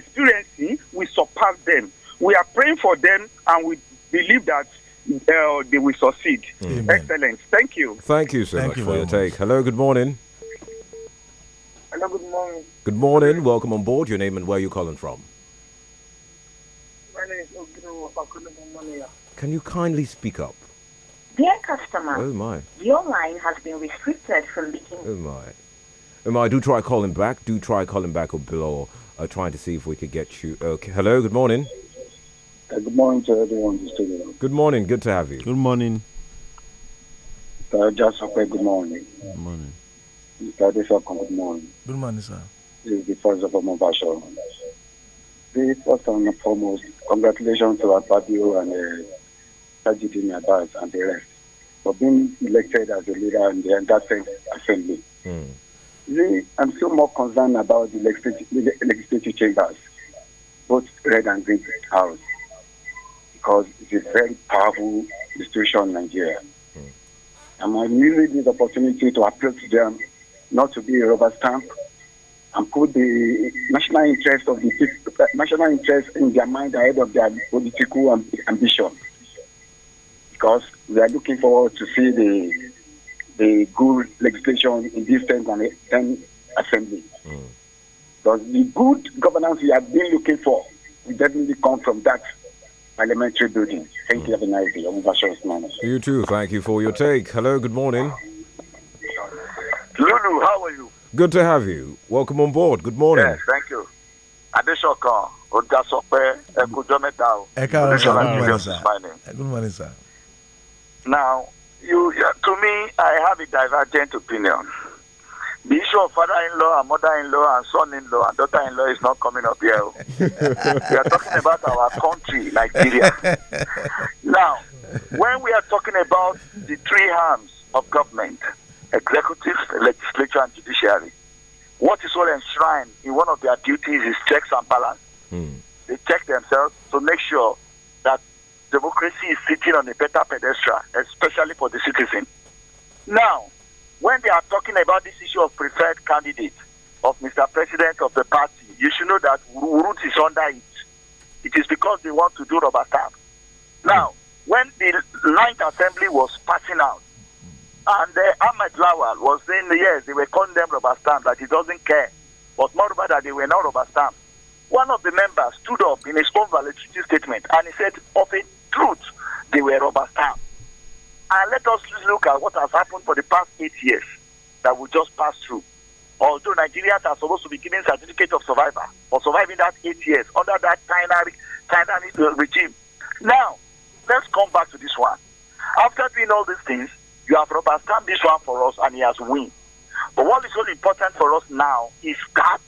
experiencing, we surpass them. We are praying for them and we believe that uh, they will succeed. Amen. Excellent. Thank you. Thank you so Thank much you for your much. take. Hello, good morning. Hello, good morning. Good morning. Welcome on board. Your name and where are you calling from? My name is Can you kindly speak up? Dear customer, oh my. your line has been restricted from beginning. Oh my. Oh my, do try calling back. Do try calling back or below uh, trying to see if we could get you. Okay. Hello, good morning. Uh, good morning to everyone in the Good morning, good to have you. Good morning. Uh, just okay, good morning. Good morning. Mr. good morning. Good morning, sir. This is the first of all, Basho. The first and foremost, congratulations to Abadio and uh, Tajidin Abbas and the rest for being elected as a leader in the Understate Assembly. Mm. Me, I'm still more concerned about the legislative, legislative chambers, both red and green house, because it's a very powerful institution in Nigeria. Mm. And I'm using this opportunity to appeal to them not to be a rubber stamp and put the national interest of the uh, national interest in their mind ahead of their political amb ambition. Because we are looking forward to see the a good legislation in this sense and, assembly. Mm. Because the good governance we have been looking for will definitely come from that parliamentary building. Thank mm. you, have a nice day. you too. Thank you for your take. Hello, good morning. Lulu, how are you? Good to have you. Welcome on board. Good morning. Yes, thank you. Adesokan, Odasope, Eka Good morning, sir. Good morning, sir. Now, you, to me, I have a divergent opinion. The issue of father-in-law and mother-in-law and son-in-law and daughter-in-law is not coming up here. Oh. we are talking about our country, Nigeria. now, when we are talking about the three arms of government, executive, legislature, and judiciary, what is all enshrined in one of their duties is checks and balance. Hmm. They check themselves to make sure democracy is sitting on a better pedestal, especially for the citizen. Now, when they are talking about this issue of preferred candidate of Mr. President of the party, you should know that root is under it. It is because they want to do rubber stamp. Now, when the Ninth Assembly was passing out, and uh, Ahmed Lawal was saying, yes, they were condemned rubber stamp, that he doesn't care. But moreover, that they were not rubber stamp. One of the members stood up in his own valedictory statement and he said, of a they were rubber stamped. And let us look at what has happened for the past eight years that we just passed through. Although Nigerians are supposed to be given certificate of survivor for surviving that eight years under that China, China regime. Now, let's come back to this one. After doing all these things, you have rubber stamped this one for us and he has won. But what is so important for us now is that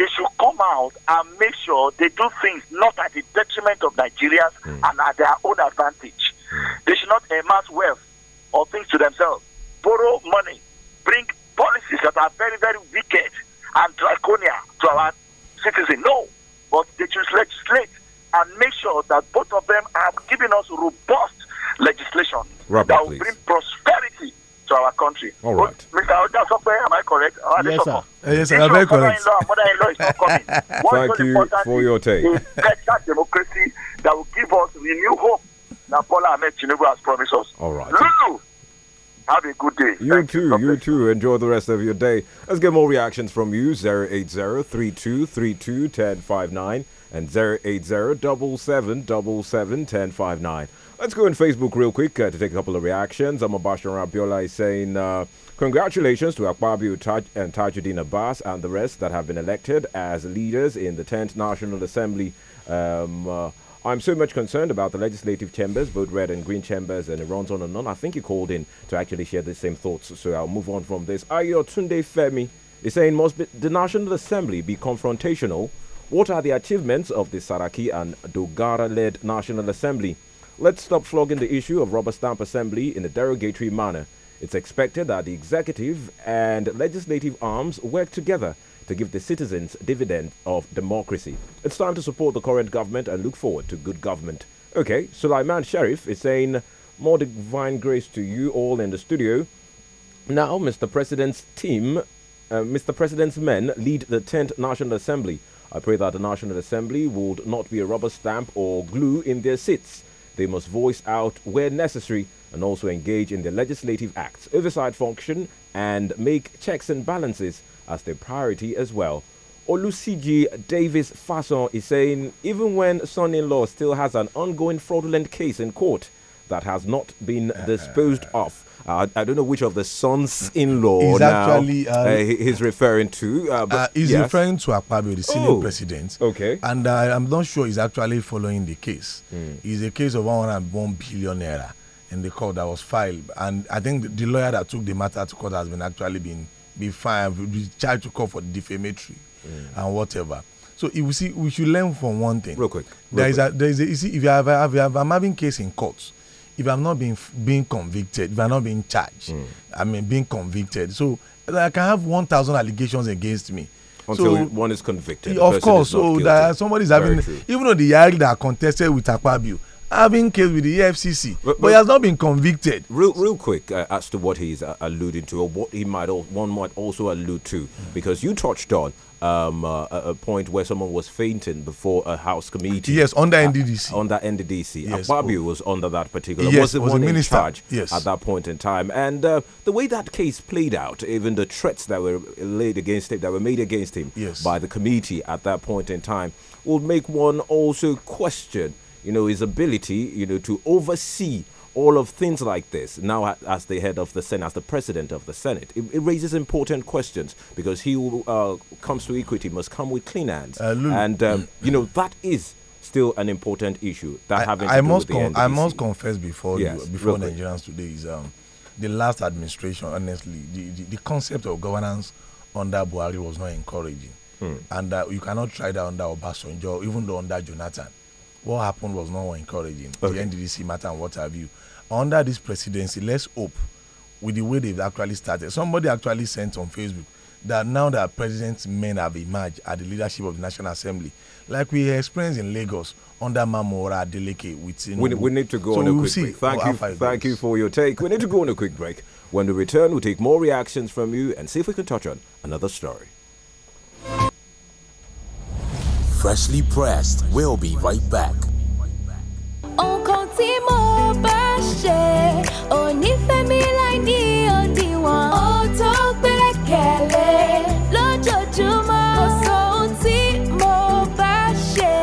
they should come out and make sure they do things not at the detriment of Nigerians mm. and at their own advantage. Mm. They should not amass wealth or things to themselves, borrow money, bring policies that are very, very wicked and draconian to our citizens. No, but they should legislate and make sure that both of them have given us robust legislation Robert, that will please. bring prosperity to our country. All right. But, oh, Mr. Ojasope, am I correct? Am I yes, sir. Yes, sir. I'm very correct. Mother-in-law is not coming. Thank you for your take. That democracy that will give us renewed hope that Paula Ahmed Tinubu has promised us. All right. Lulu, have a good day. You Thank too. You, too. Enjoy the rest of your day. Let's get more reactions from you. 80 and 80 double seven ten five nine. Let's go on Facebook real quick uh, to take a couple of reactions. Amabasha Rabiola is saying, uh, Congratulations to Akbabi Taj and Tajuddin Abbas and the rest that have been elected as leaders in the 10th National Assembly. Um, uh, I'm so much concerned about the legislative chambers, both red and green chambers, and it runs on and on. I think you called in to actually share the same thoughts, so I'll move on from this. Ayo Tunde Femi is saying, Must be, the National Assembly be confrontational? What are the achievements of the Saraki and Dogara led National Assembly? Let's stop flogging the issue of rubber stamp assembly in a derogatory manner. It's expected that the executive and legislative arms work together to give the citizens dividend of democracy. It's time to support the current government and look forward to good government. Okay, Sulaiman Sharif is saying, More divine grace to you all in the studio. Now, Mr. President's team, uh, Mr. President's men lead the 10th National Assembly. I pray that the National Assembly would not be a rubber stamp or glue in their seats. They must voice out where necessary and also engage in the legislative acts oversight function and make checks and balances as their priority as well. Olusiji Davis Fason is saying even when son in law still has an ongoing fraudulent case in court that has not been disposed of, I, I don't know which of the sons in law now actually, um, uh, uh he's referring to. Uh, but uh, he's yes. referring to Akpabio, the senior oh, president. Okay. And I'm not sure he's actually following the case. Mm. It's a case of one billionaire in the court that was filed. And I think the, lawyer that took the matter to court has been actually been, been fined, been charged to court for defamatory mm. and whatever. So we see we should learn from one thing. Real quick. Real there is a there is a, you see if you have, a, if you have I'm having case in court if i'm not being being convicted if i'm not being charged mm. i mean being convicted so i can have 1000 allegations against me until so, one is convicted of course so guilty. that somebody is having even though the yari that contested with akpabio having case with the FCC, but, but, but, he has not been convicted real, real quick uh, as to what he's uh, alluding to or what he might one might also allude to mm. because you touched on um, uh, a point where someone was fainting before a house committee. Yes, under NDDC. Uh, under NDDC. Yes. Ababi was under that particular. Yes, was the was one in charge yes. at that point in time. And uh, the way that case played out, even the threats that were laid against him, that were made against him yes. by the committee at that point in time, would make one also question, you know, his ability, you know, to oversee all of things like this now as the head of the Senate, as the president of the Senate. It, it raises important questions because he who uh, comes to equity must come with clean hands. Uh, and, um, you know, that is still an important issue that I, having I must I must confess before yes, you, before really. Nigerians today is um, the last administration. Honestly, the, the, the concept of governance under Buhari was not encouraging, hmm. and uh, you cannot try that under Obasanjo, even though under Jonathan. What happened was not encouraging. Okay. The NDDC matter and what have you under this presidency, let's hope with the way they've actually started. Somebody actually sent on Facebook that now that president's men have emerged at the leadership of the National Assembly, like we experienced in Lagos under Mamora Adeleke with we, we, need to go so on a quick break. Thank you, thank you for your take. We need to go on a quick break. When we return, we'll take more reactions from you and see if we can touch on another story. Freshly pressed. We'll be right back. ṣe onífẹ́ mi láì ní òdiwọ̀n. ó tó gbẹ́kẹ̀lé lójoojúmọ́. kò sọ ohun tí mo bá ṣe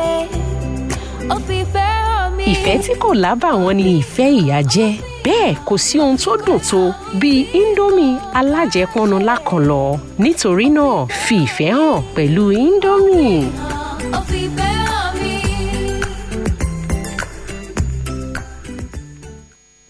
ó fi fẹ́ hàn mí. ìfẹ́ tí kò lábàwọ́n ni ìfẹ́ ìyá jẹ́ bẹ́ẹ̀ kò sí ohun tó dùn tó bíi indomie alájẹpọnu lákànlọ́ nítorí náà fi ìfẹ́ hàn pẹ̀lú indomie.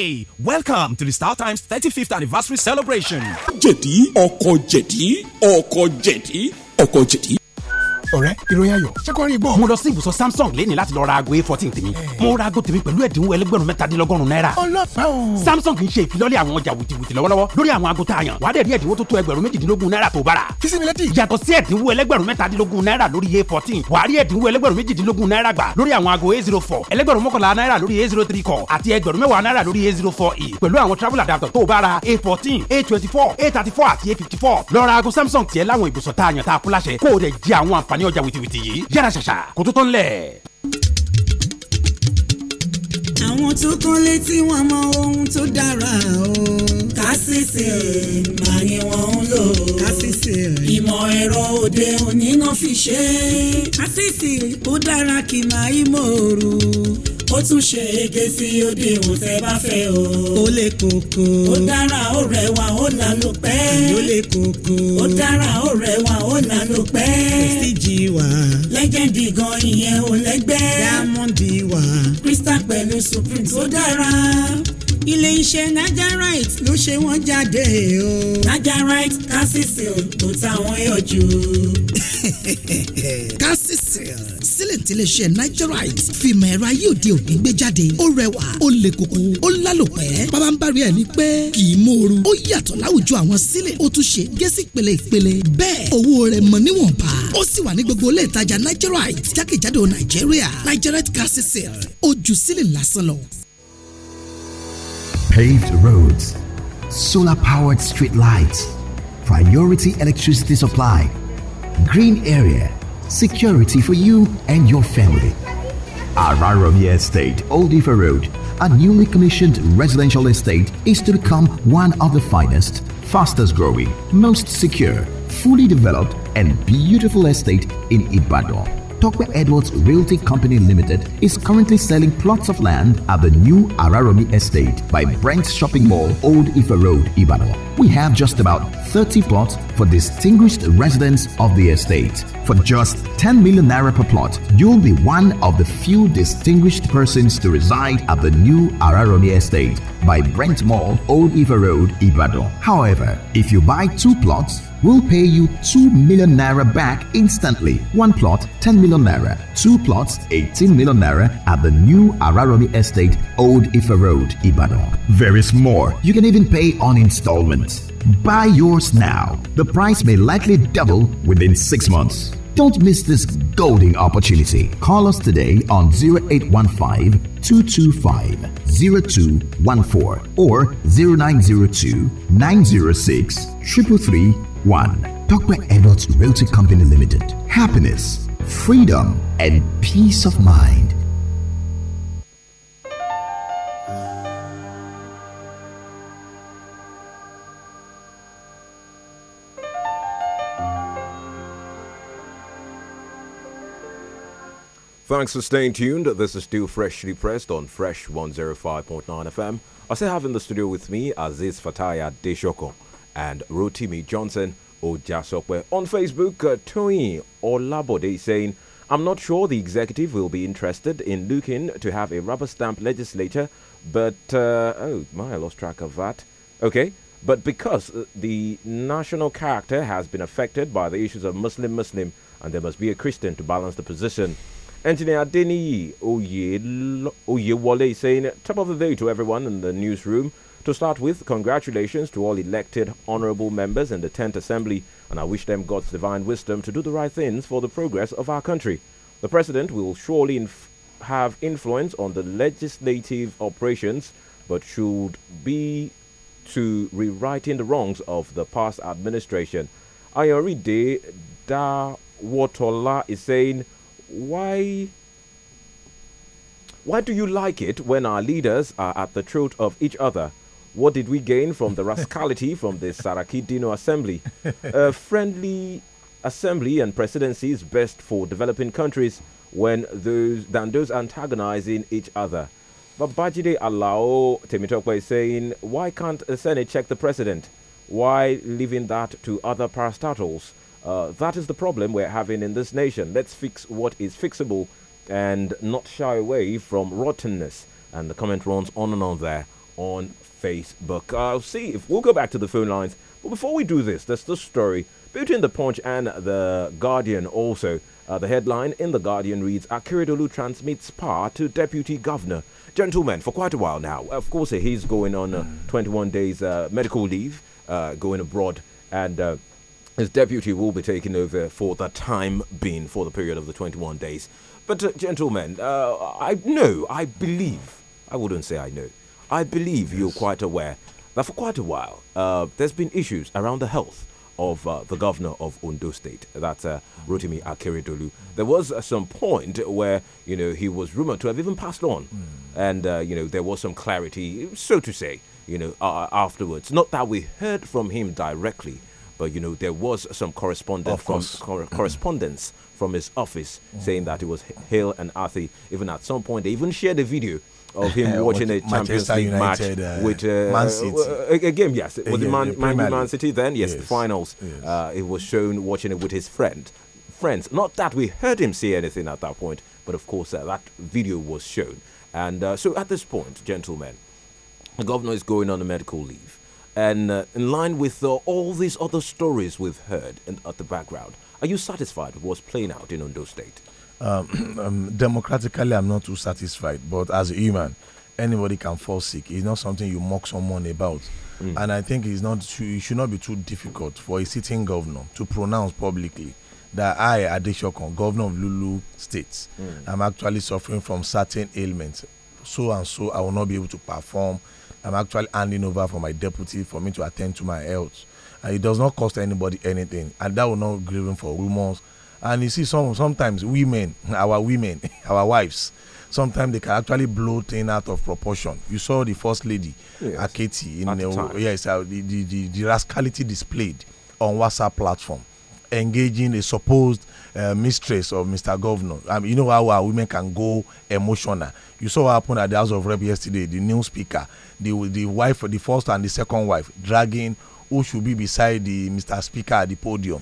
Hey, welcome to the Star Times 35th anniversary celebration. Jetty, Oko Jetty, Oko Jetty, Oko Jetty. ọ̀rẹ́ ìròyìn ayọ̀ ṣé kò rí gbọ́. mo lọ sí ibùsọ samsung lẹ́ni láti lọ ra aago a fourteen tèmi mo ra aago tèmi pẹ̀lú ẹ̀dínwó ẹlẹ́gbẹ̀rún mẹ́tàdínlọ́gọ́rùn náírà. ọlọ́pàá o. samsung ń ṣe ìfilọ́lẹ̀ àwọn ọjà wùtìwùtì lọ́wọ́lọ́wọ́ lórí àwọn aago tá a yàn wàá dẹ̀ rí ẹ̀dínwó tó tó ẹgbẹ̀rún méjìdínlógún náírà tó bára. fisimilẹ́tì. a fourteen wàá rí ẹ̀dínwó ẹlẹ́gbẹ̀rún méjìdínlógún náírà gbà a zero four ẹlẹ́gbẹ̀rún mọ́kànlá náírà lórí a zero three kọ̀ àti ẹgbẹ̀rún mẹ́wàá náírà lórí a zero four e pẹ̀lú àwọn travel adapter a fourteen a twenty four a thirty four a fifty four lọ́ra aago samsung tiẹ̀ láwọn ibùsọ̀ tá a yàn tá a kú láṣẹ kó o dẹ̀ jẹ àwọn àǹfààní láǹfààní ọjà wìtìwìtì yìí yára ṣàṣà kó tó tán lẹ̀. àwọn tó kán létí wọn mọ ohun tó dára o kásìsì mà ni wọn ń lò kásìsì ìmọ̀ ẹ̀rọ òde òní náà fi ṣe kásìsì ó dára kì máa í mòoru ó tún ṣe ege sí odi èwò tẹ́ bá fẹ́ o. ó lè kókó. ó dára ó rẹwà ó lànà pẹ́. ó lè kókó. ó dára ó rẹwà ó lànà pẹ́. síjì wà. lẹ́gẹ̀dì gan ìyẹn ò lẹ́gbẹ́. dáàmọ́ndì wà. crystal pẹ̀lú supreme tó dára ilé iṣẹ́ Nigerite ló ṣe wọ́n jáde o. Nigerite calcicil tó táwọn yọjú. calcicil àgbékalẹ̀ tiléeṣẹ́ nigerite fìmọ̀ ẹ̀rọ ayé òde òní gbé jáde ó rẹwà ó le koko ó lálòpẹ́ bàbá ń bari ẹ̀ ní pẹ́ kì í mòoru ó yàtọ̀ láwùjọ àwọn sílẹ̀ ó tún ṣe gẹ́sì pèlè ìpèlè bẹ́ẹ̀ owó rẹ̀ mọ̀ níwọ̀nba ó sì wà ní gbogbo ilé ìtajà nigerite jákèjádò nàìjíríà nigerite gas sale ojú sílẹ̀ lásán lọ. paved roads solar powered street lights priority electricity supply green area security for you and your family. Araromi Estate, Old Road, a newly commissioned residential estate, is to become one of the finest, fastest growing, most secure, fully developed, and beautiful estate in Ibadan Tokwe Edwards Realty Company Limited is currently selling plots of land at the new Araromi Estate by Brent Shopping Mall, Old Ife Road, Ibadan. We have just about 30 plots for distinguished residents of the estate. For just 10 million naira per plot, you'll be one of the few distinguished persons to reside at the new Araromi Estate by Brent Mall, Old Ife Road, Ibadan. However, if you buy two plots, We'll pay you 2 million naira back instantly. One plot, 10 million naira. Two plots, 18 million naira at the new Araromi Estate, Old Ifa Road, Ibadan. There is more. You can even pay on installments. Buy yours now. The price may likely double within six months. Don't miss this golden opportunity. Call us today on 0815 225 0214 or 0902 906 333 1. Dr. Edwards Realty Company Limited. Happiness, freedom, and peace of mind. Thanks for staying tuned. This is still freshly pressed on Fresh 105.9 FM. I still have in the studio with me Aziz Fataya Deshoko and Rotimi Johnson Ojasope. On Facebook, uh, Tony Olabode saying, I'm not sure the executive will be interested in looking to have a rubber stamp legislature, but uh, oh my, I lost track of that. Okay, but because uh, the national character has been affected by the issues of Muslim Muslim, and there must be a Christian to balance the position. Engineer Dini Oyewole saying, Top of the day to everyone in the newsroom. To start with, congratulations to all elected honorable members in the 10th Assembly, and I wish them God's divine wisdom to do the right things for the progress of our country. The President will surely inf have influence on the legislative operations, but should be to rewriting the wrongs of the past administration. Ayoride Allah is saying, why why do you like it when our leaders are at the throat of each other? What did we gain from the rascality from the Saraki Dino Assembly? A friendly assembly and presidency is best for developing countries when those than those antagonizing each other. But Bajide Alao Temitokwe is saying, why can't the Senate check the president? Why leaving that to other parastatals? Uh, that is the problem we're having in this nation. Let's fix what is fixable and not shy away from rottenness. And the comment runs on and on there on Facebook. I'll see if we'll go back to the phone lines. But before we do this, there's the story. between the Punch and the Guardian also. Uh, the headline in the Guardian reads: Akiridolu transmits power to deputy governor. Gentlemen, for quite a while now. Of course, he's going on uh, 21 days uh, medical leave, uh, going abroad, and uh, his deputy will be taking over for the time being, for the period of the 21 days. But, uh, gentlemen, I know, I believe, I wouldn't say I know. I believe yes. you're quite aware that for quite a while uh, there's been issues around the health of uh, the governor of Ondo State, that's uh, Rotimi Akeredolu. There was uh, some point where you know he was rumored to have even passed on, mm. and uh, you know there was some clarity, so to say, you know afterwards. Not that we heard from him directly, but you know there was some correspondence from cor correspondence from his office mm. saying that he was Hale and Arthi. Even at some point, they even shared a video of him uh, watching a Champions Manchester League United, match uh, with uh, Man City. A, game, yes. Was it Man, Man, Man, City then? Yes, yes. the finals. Yes. it was shown watching it with his friend friends. Not that we heard him say anything at that point, but of course uh, that video was shown. And uh, so at this point, gentlemen, the governor is going on a medical leave. And uh, in line with all these other stories we've heard in, at the background, are you satisfied with what's playing out in Ondo State? Um, um, democratically, I'm not too satisfied. But as a human, anybody can fall sick. It's not something you mock someone about. Mm. And I think it's not too, it should not be too difficult for a sitting governor to pronounce publicly that I, Adeshokon, governor of Lulu State, mm. I'm actually suffering from certain ailments. So and so, I will not be able to perform. I'm actually handing over for my deputy for me to attend to my health. And it does not cost anybody anything. And that will not him for rumors and you see some sometimes women our women our wives sometimes they can actually blow things out of proportion you saw the first lady yes. aketi in At the, yes uh, the, the, the, the rascality displayed on whatsapp platform engaging a supposed uh, mistress of Mr. Governor. you know how our women can go emotional. You saw what happened at the House of Rep yesterday. The new speaker, the the wife, the first and the second wife, dragging who should be beside the Mr. Speaker at the podium.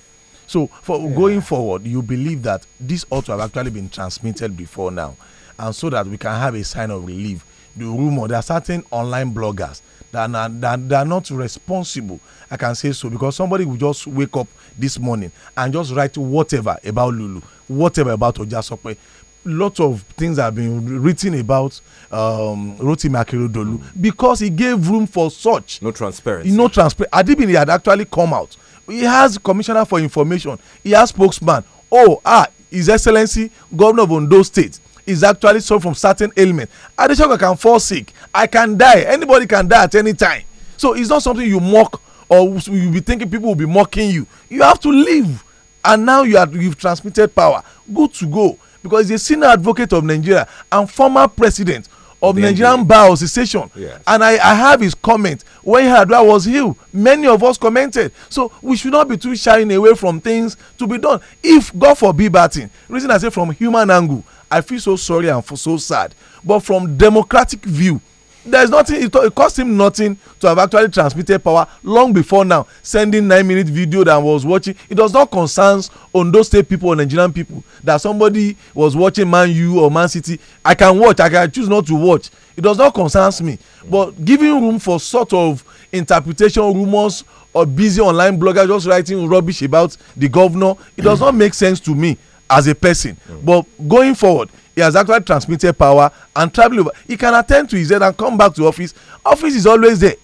So for yeah. going forward, you believe that this ought to have actually been transmitted before now, and so that we can have a sign of relief. The rumor there are certain online bloggers that are, that, that are not responsible. I can say so because somebody will just wake up this morning and just write whatever about Lulu, whatever about Ojasope. Lots of things have been written about um, Rotimi Akeredolu mm. because he gave room for such. No transparency. No transparency. Adibini had actually come out he has commissioner for information he has spokesman oh ah his excellency governor of ondo state is actually suffering from certain ailment adesoka can fall sick i can die anybody can die at any time so it's not something you mock or you be thinking people will be mocking you you have to live and now you are you've transmitted power good to go because he's a senior advocate of nigeria and former president of the Nigerian NBA. Bar Association. Yes. And I, I have his comment when Hadra was here, Many of us commented. So we should not be too shying away from things to be done. If God forbid batting, reason I say from human angle, I feel so sorry and so sad. But from democratic view, there's nothing it, it cost him nothing to have actually transmitted power long before now sending nine minute video that was watching it does not concerns on those state people or nigerian people that somebody was watching man u or man city i can watch i can choose not to watch it does not concerns me but giving room for sort of interpretation rumours or busy online bloggers just writing rubbish about the governor it does not make sense to me as a person mm. but going forward he has actually transmitted power and travel over he can attend to his head and come back to office office is always there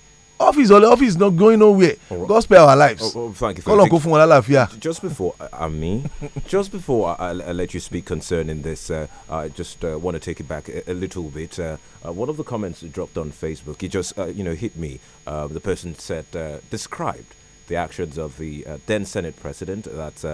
office office is not going nowhere god spare our lives oh, oh, thank you life, yeah. just before uh, i mean just before I, I, I, let you speak concerning this uh, i just uh, want to take it back a, a little bit uh, uh one of the comments dropped on facebook it just uh, you know hit me the person said described the actions of the then senate president that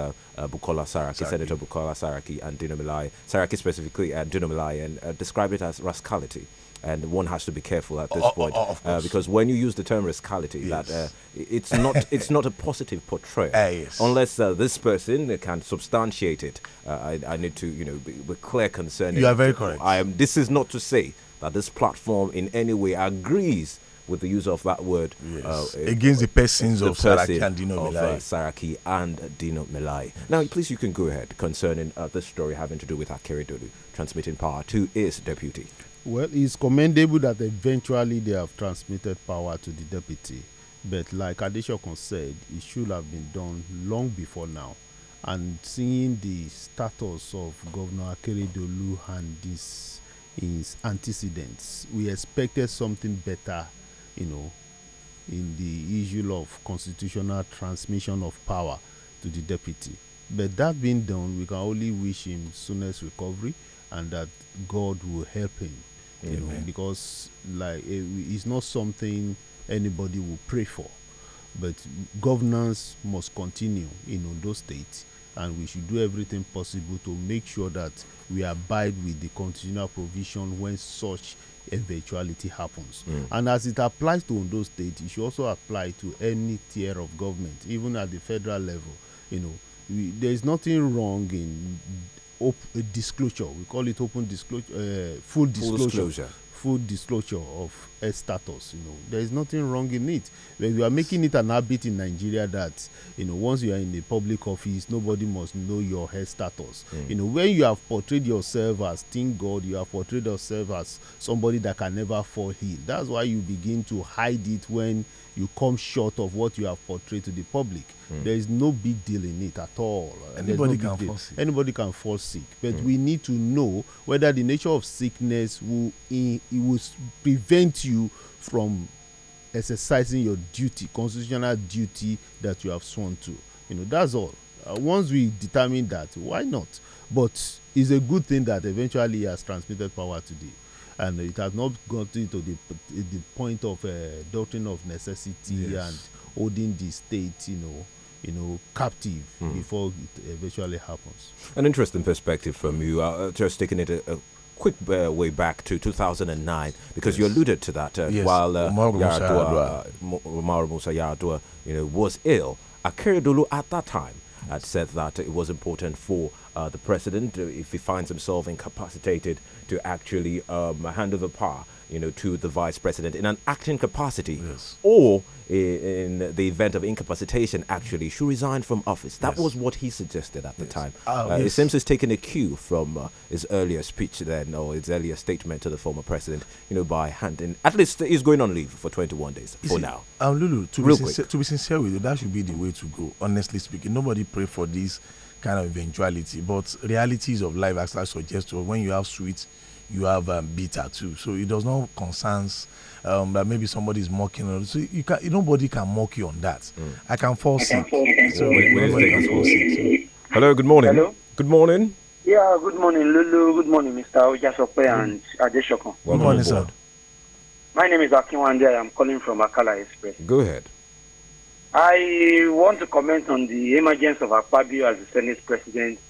uh, Bukola Saraki, Saraki, Senator Bukola Saraki, and Dino Saraki specifically, and uh, Dino and uh, described it as rascality. And one has to be careful at this oh, oh point oh, oh, because when you use the term rascality, yes. that uh, it's not it's not a positive portrayal. Ah, yes. Unless this person can substantiate it, I, I, need to you know be, be clear concerning. You are very correct. I am. This is not to say that this platform in any way agrees with the use of that word yes. uh, against uh, the persons of person Saraki and Dino of, Melai. Uh, Saraki and Dino Melai. Now, please, you can go ahead concerning uh, this story having to do with Akere transmitting power to his deputy. Well, it's commendable that eventually they have transmitted power to the deputy, but like Adeshokun said, it should have been done long before now. And seeing the status of Governor Akere and this his antecedents. We expected something better you know, in the issue of constitutional transmission of power to the deputy. But that being done, we can only wish him soonest recovery and that God will help him. Amen. You know, because like eh, it's not something anybody will pray for, but governance must continue in Ondo State, and we should do everything possible to make sure that we abide with the constitutional provision when such eventuality happens. Mm. And as it applies to Ondo State, it should also apply to any tier of government, even at the federal level. You know, we, there is nothing wrong in disclosure. We call it open disclosure, uh, full, full disclosure full disclosure of a status. You know, there is nothing wrong in it. but we are making it an habit in Nigeria that you know once you are in a public office, nobody must know your health status. Mm. You know, when you have portrayed yourself as thing God, you have portrayed yourself as somebody that can never fall ill. That's why you begin to hide it when you come short of what you have portrayed to the public. Mm. There is no big deal in it at all. Anybody no can fall sick. Anybody can fall sick, but mm. we need to know whether the nature of sickness will it will prevent you from exercising your duty, constitutional duty that you have sworn to. You know that's all. Uh, once we determine that, why not? But it's a good thing that eventually he has transmitted power to the and it has not gotten to the the point of uh, doctrine of necessity yes. and holding the state, you know, you know, captive mm. before it eventually happens. An interesting perspective from you. Uh, uh, just taking it a, a quick uh, way back to 2009 because yes. you alluded to that uh, yes. while uh, Omar Yaradua, Omar Yaradua, you know, was ill. Akeredolu at that time had said that it was important for uh, the president uh, if he finds himself incapacitated to actually um, hand over power, you know, to the vice president in an acting capacity, yes. or in the event of incapacitation, actually should resign from office. That yes. was what he suggested at the yes. time. Oh, uh, yes. It seems he's taken a cue from uh, his earlier speech then, or his earlier statement to the former president, you know, by handing. At least he's going on leave for 21 days Is for it, now. Um, Lulu, to be, sincere, to be sincere with you, that should be the way to go, honestly speaking. Nobody pray for this kind of eventuality. But realities of life actually suggest to when you have sweet, you have um, bitter too. So it does not concerns um, that maybe somebody is mocking. you so you can nobody can mock you on that. Mm. I can fall sick. So nobody can fall sick. So. Hello. Good morning. Hello. Good morning. Yeah. Good morning, Lulu. Good morning, Mister Ojasope mm. and Adeshokan. Well, good morning, sir. My name is Akinwande. I'm calling from Akala Express. Go ahead. I want to comment on the emergence of Akpabio as the Senate President,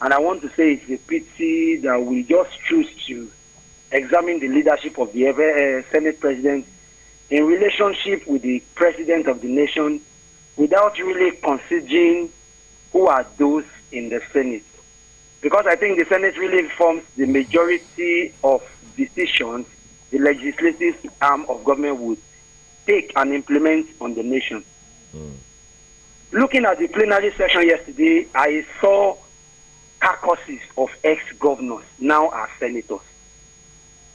and I want to say it's a pity that we just choose to examine the leadership of the ever, uh, Senate President in relationship with the President of the nation without really considering who are those in the Senate. Because I think the Senate really forms the majority of decisions the legislative arm of government would take and implement on the nation. Looking at the plenary session yesterday, I saw carcasses of ex-governors now as senators.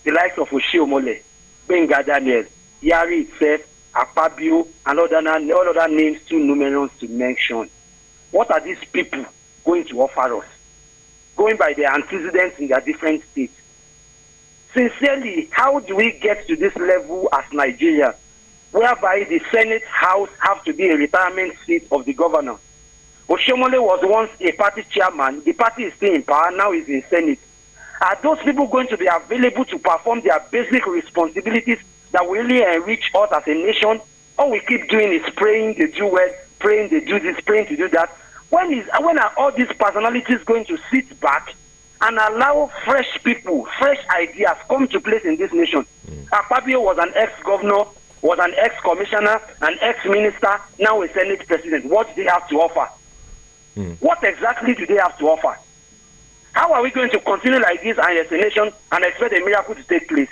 The likes of Oshiomole, Benga Daniel, Yari itself, Apabio, and other, all other names too numerous to mention. What are these people going to offer us? Going by their antecedents in their different states. Sincerely, how do we get to this level as Nigerians? whereby the Senate House have to be a retirement seat of the governor. Oshomole was once a party chairman. The party is still in power, now is in Senate. Are those people going to be available to perform their basic responsibilities that will really enrich us as a nation? All we keep doing is praying they do well, praying they do this, praying to do that. When is when are all these personalities going to sit back and allow fresh people, fresh ideas come to place in this nation? Mm. Akpabio was an ex-governor was an ex-commissioner, an ex-minister, now a Senate president. What do they have to offer? Mm. What exactly do they have to offer? How are we going to continue like this and as a nation and expect a miracle to take place?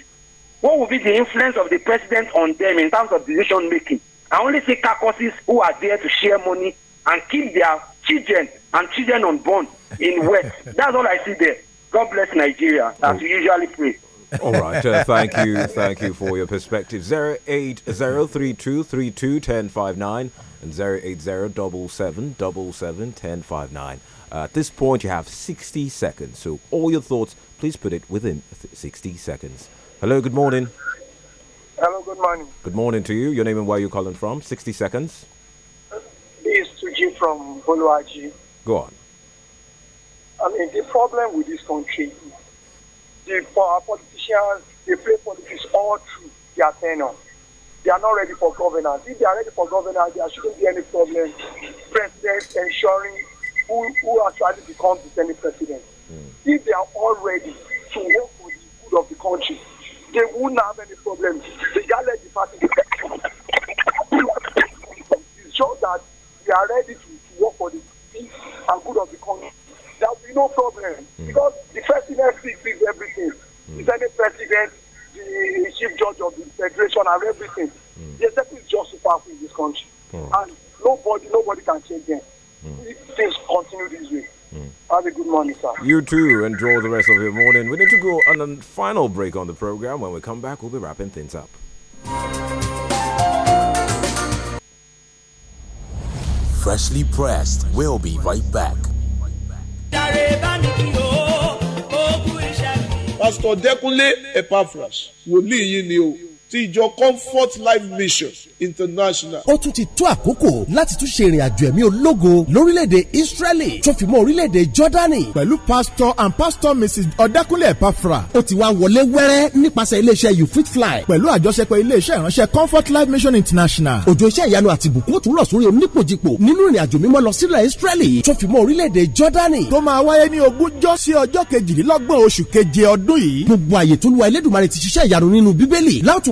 What will be the influence of the president on them in terms of decision making? I only see carcasses who are there to share money and keep their children and children unborn in wealth. That's all I see there. God bless Nigeria, as oh. we usually pray. All right. Uh, thank you. Thank you for your perspective. 08032321059 and 08077771059. double seven ten five nine. Uh, at this point, you have 60 seconds. So all your thoughts, please put it within 60 seconds. Hello, good morning. Hello, good morning. Good morning to you. Your name and where you're calling from. 60 seconds. This is Suji from Boluaji. Go on. I mean, the problem with this country, the power politics politicians, they play politics all through their tenure. They are not ready for governance. If they are ready for governance, there shouldn't be any problem. President ensuring who, who actually becomes the Senate president. Mm. If they are all ready to work for the good of the country, they won't have any problems. They just let the party. it's just that they are ready to, to work for the peace and good of the country. There will be no problem mm. because the president fixes everything mm. the president the chief judge of the federation and everything mm. the executive is just too powerful in this country mm. and nobody nobody can change them mm. if things continue this way. Mm. Have a good morning, sir. You too. Enjoy the rest of your morning. We need to go on a final break on the program. When we come back, we'll be wrapping things up. Freshly pressed. We'll be right back. pásítọ̀ dẹ́kunlé epaphras wòlíì yìí ni o ti ìjọ comfort life mission international. ó tún ti tó àkókò láti tún ṣe ìrìnàjò ẹ̀mí ológo lórílẹ̀‐èdè israeli tó fi mọ́ orílẹ̀‐èdè jordani. pẹ̀lú pastor and pastor mrs ọ̀dẹ́kúnlé epafra ó ti wá wọlé wẹ́rẹ́ nípasẹ̀ iléeṣẹ́ you fit fly pẹ̀lú àjọṣepọ̀ iléeṣẹ́ ìránṣẹ́ comfort life mission international. òjò iṣẹ́ ìyanu àti ìbùkún tún rọ̀ sórí onípojípo nínú ìrìnàjò mímọ́ lọ sílẹ̀ israeli tó fi mọ́ orílẹ̀‐èdè jordani. tó máa wáyé ní ogúnjọ́ sí ọjọ́ kejìlélọ́gbọ̀n oṣù keje ọdún yìí. gbogbo àyè tó ti ṣiṣẹ́ ìyanu nínú bíbélì láwùjọ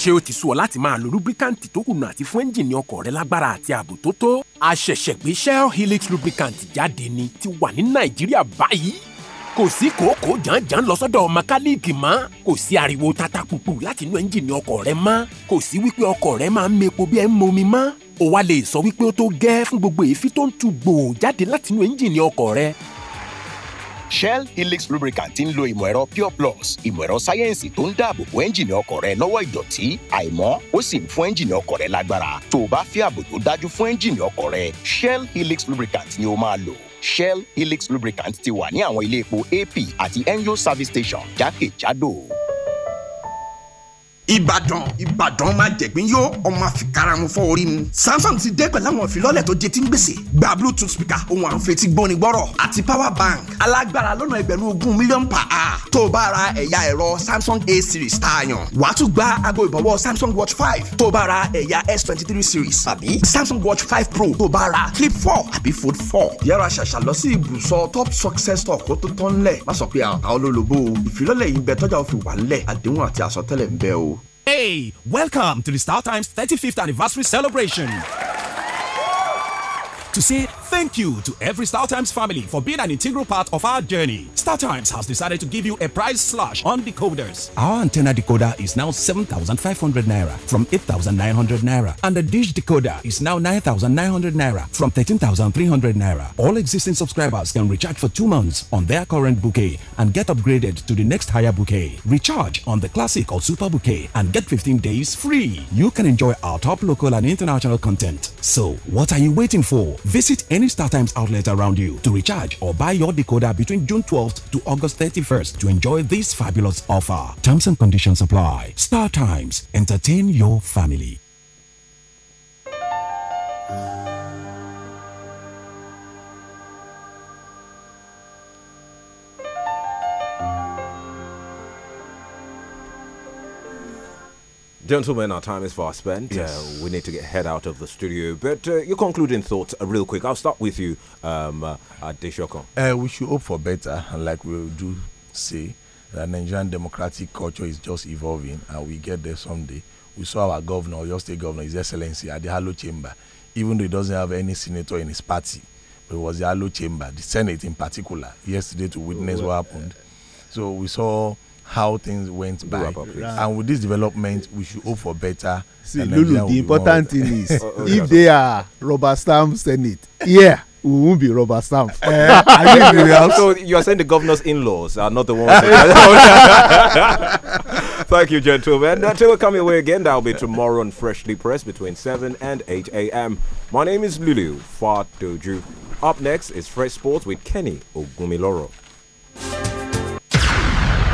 ṣé o ti sú ọ láti máa lo lubricant tó kùnà àti fún ẹ́ńjìnì ọkọ̀ rẹ lágbára àti ààbò tó tó? a ṣẹ̀ṣẹ̀ gbé Shell Helix lubricant jáde ni ti wà ní Nàìjíríà báyìí. kò sí kòókòó jàǹjàǹ lọ sọ́dọ̀ mẹkáníìkì mọ́ kò sí ariwo tata pupu láti inú ẹ́ńjìnì ọkọ̀ rẹ mọ́ kò sí wípé ọkọ̀ rẹ máa ń mepo bí ẹ ń momi mọ́ o wá lè sọ wípé ó tó gẹ́ fún gbogbo èéfín tó ń tu gbòò jáde látinú ẹ́ńjìnì ọkọ̀ rẹ Shell Helix lubricant ń lo ìmọ̀ ẹ̀rọ Pure Plus ìmọ̀ ẹ̀rọ sáyẹ́ǹsì tó ń dáàbò bo ẹ́ńjìnì ọkọ̀ rẹ lọ́wọ́ ìdọ̀tí àìmọ́ ó sì ń fún ẹ́ńjìnì ọkọ̀ rẹ lágbára tó o bá fẹ́ ààbò tó dájú fún ẹ́ńjìnì ọkọ̀ rẹ Shell Helix lubricant ni o máa lò Shell Helix lubricant ti wà ní àwọn ilé epo AP àti NGO service station jákèjádò ìbàdàn ìbàdàn máa jẹ̀gbín yó ọmọ àfikaramu fọ́ orí mu. samsung ti dé pẹ̀lú àwọn ìfilọ́lẹ̀ tó jẹ́ tí ń gbèsè gba bluetooth speaker ohun àǹfẹ̀tì gbóni gbọ́rọ̀ àti power bank alágbára lọ́nà ẹgbẹ̀rún ogún mílíọ̀nù per hour tó o bá ra ẹ̀yà ẹ̀rọ samsung a series tá a yàn. wàá tún gba aago ìbọ̀wọ́ samsung watch five tó o bá ra ẹ̀yà s twenty three series àbí samsung watch five pro tó o bá ra clip four àbí fold four. yára ṣàṣà lọ sí ibùsọ top success talk kó tó tán lẹ̀ má sọ pé àwọn olólobó ìfilọ́lẹ̀ yìí ń bẹ tọ́jà ó fi wà ń lẹ̀ àdéhùn àti àsọtẹ́lẹ̀ ń bẹ o. Hey, welcome to the Star Times 35th anniversary celebration. To say Thank you to every StarTimes family for being an integral part of our journey. StarTimes has decided to give you a price slash on decoders. Our antenna decoder is now 7,500 naira from 8,900 naira, and the dish decoder is now 9,900 naira from 13,300 naira. All existing subscribers can recharge for two months on their current bouquet and get upgraded to the next higher bouquet. Recharge on the classic or super bouquet and get 15 days free. You can enjoy our top local and international content. So, what are you waiting for? Visit any any StarTimes outlet around you to recharge or buy your decoder between June 12th to August 31st to enjoy this fabulous offer. Terms and conditions apply. StarTimes, entertain your family. Gentlemen, our time is far spent. Uh, yes. Uh, we need to get head out of the studio. But uh, your concluding thoughts, uh, real quick. I'll start with you, um, uh, uh, we should hope for better, and like we do say, the Nigerian democratic culture is just evolving, and we get there someday. We saw our governor, your state governor, His Excellency, at the Halo Chamber, even though he doesn't have any senator in his party, but it was the Halo Chamber, the Senate in particular, yesterday to witness oh, what happened. So we saw how things went by. Right. And with this development, we should hope for better. See, Lulu, the important thing is oh, oh, if they are rubber stamp Senate, yeah. We won't be rubber stamp. uh, so you are saying the governor's in-laws are not the ones. Thank you, gentlemen. Until we come your way again, that'll be tomorrow on Freshly Pressed between 7 and 8 a.m. My name is Lulu Fatoju. Up next is Fresh Sports with Kenny Ogumiloro.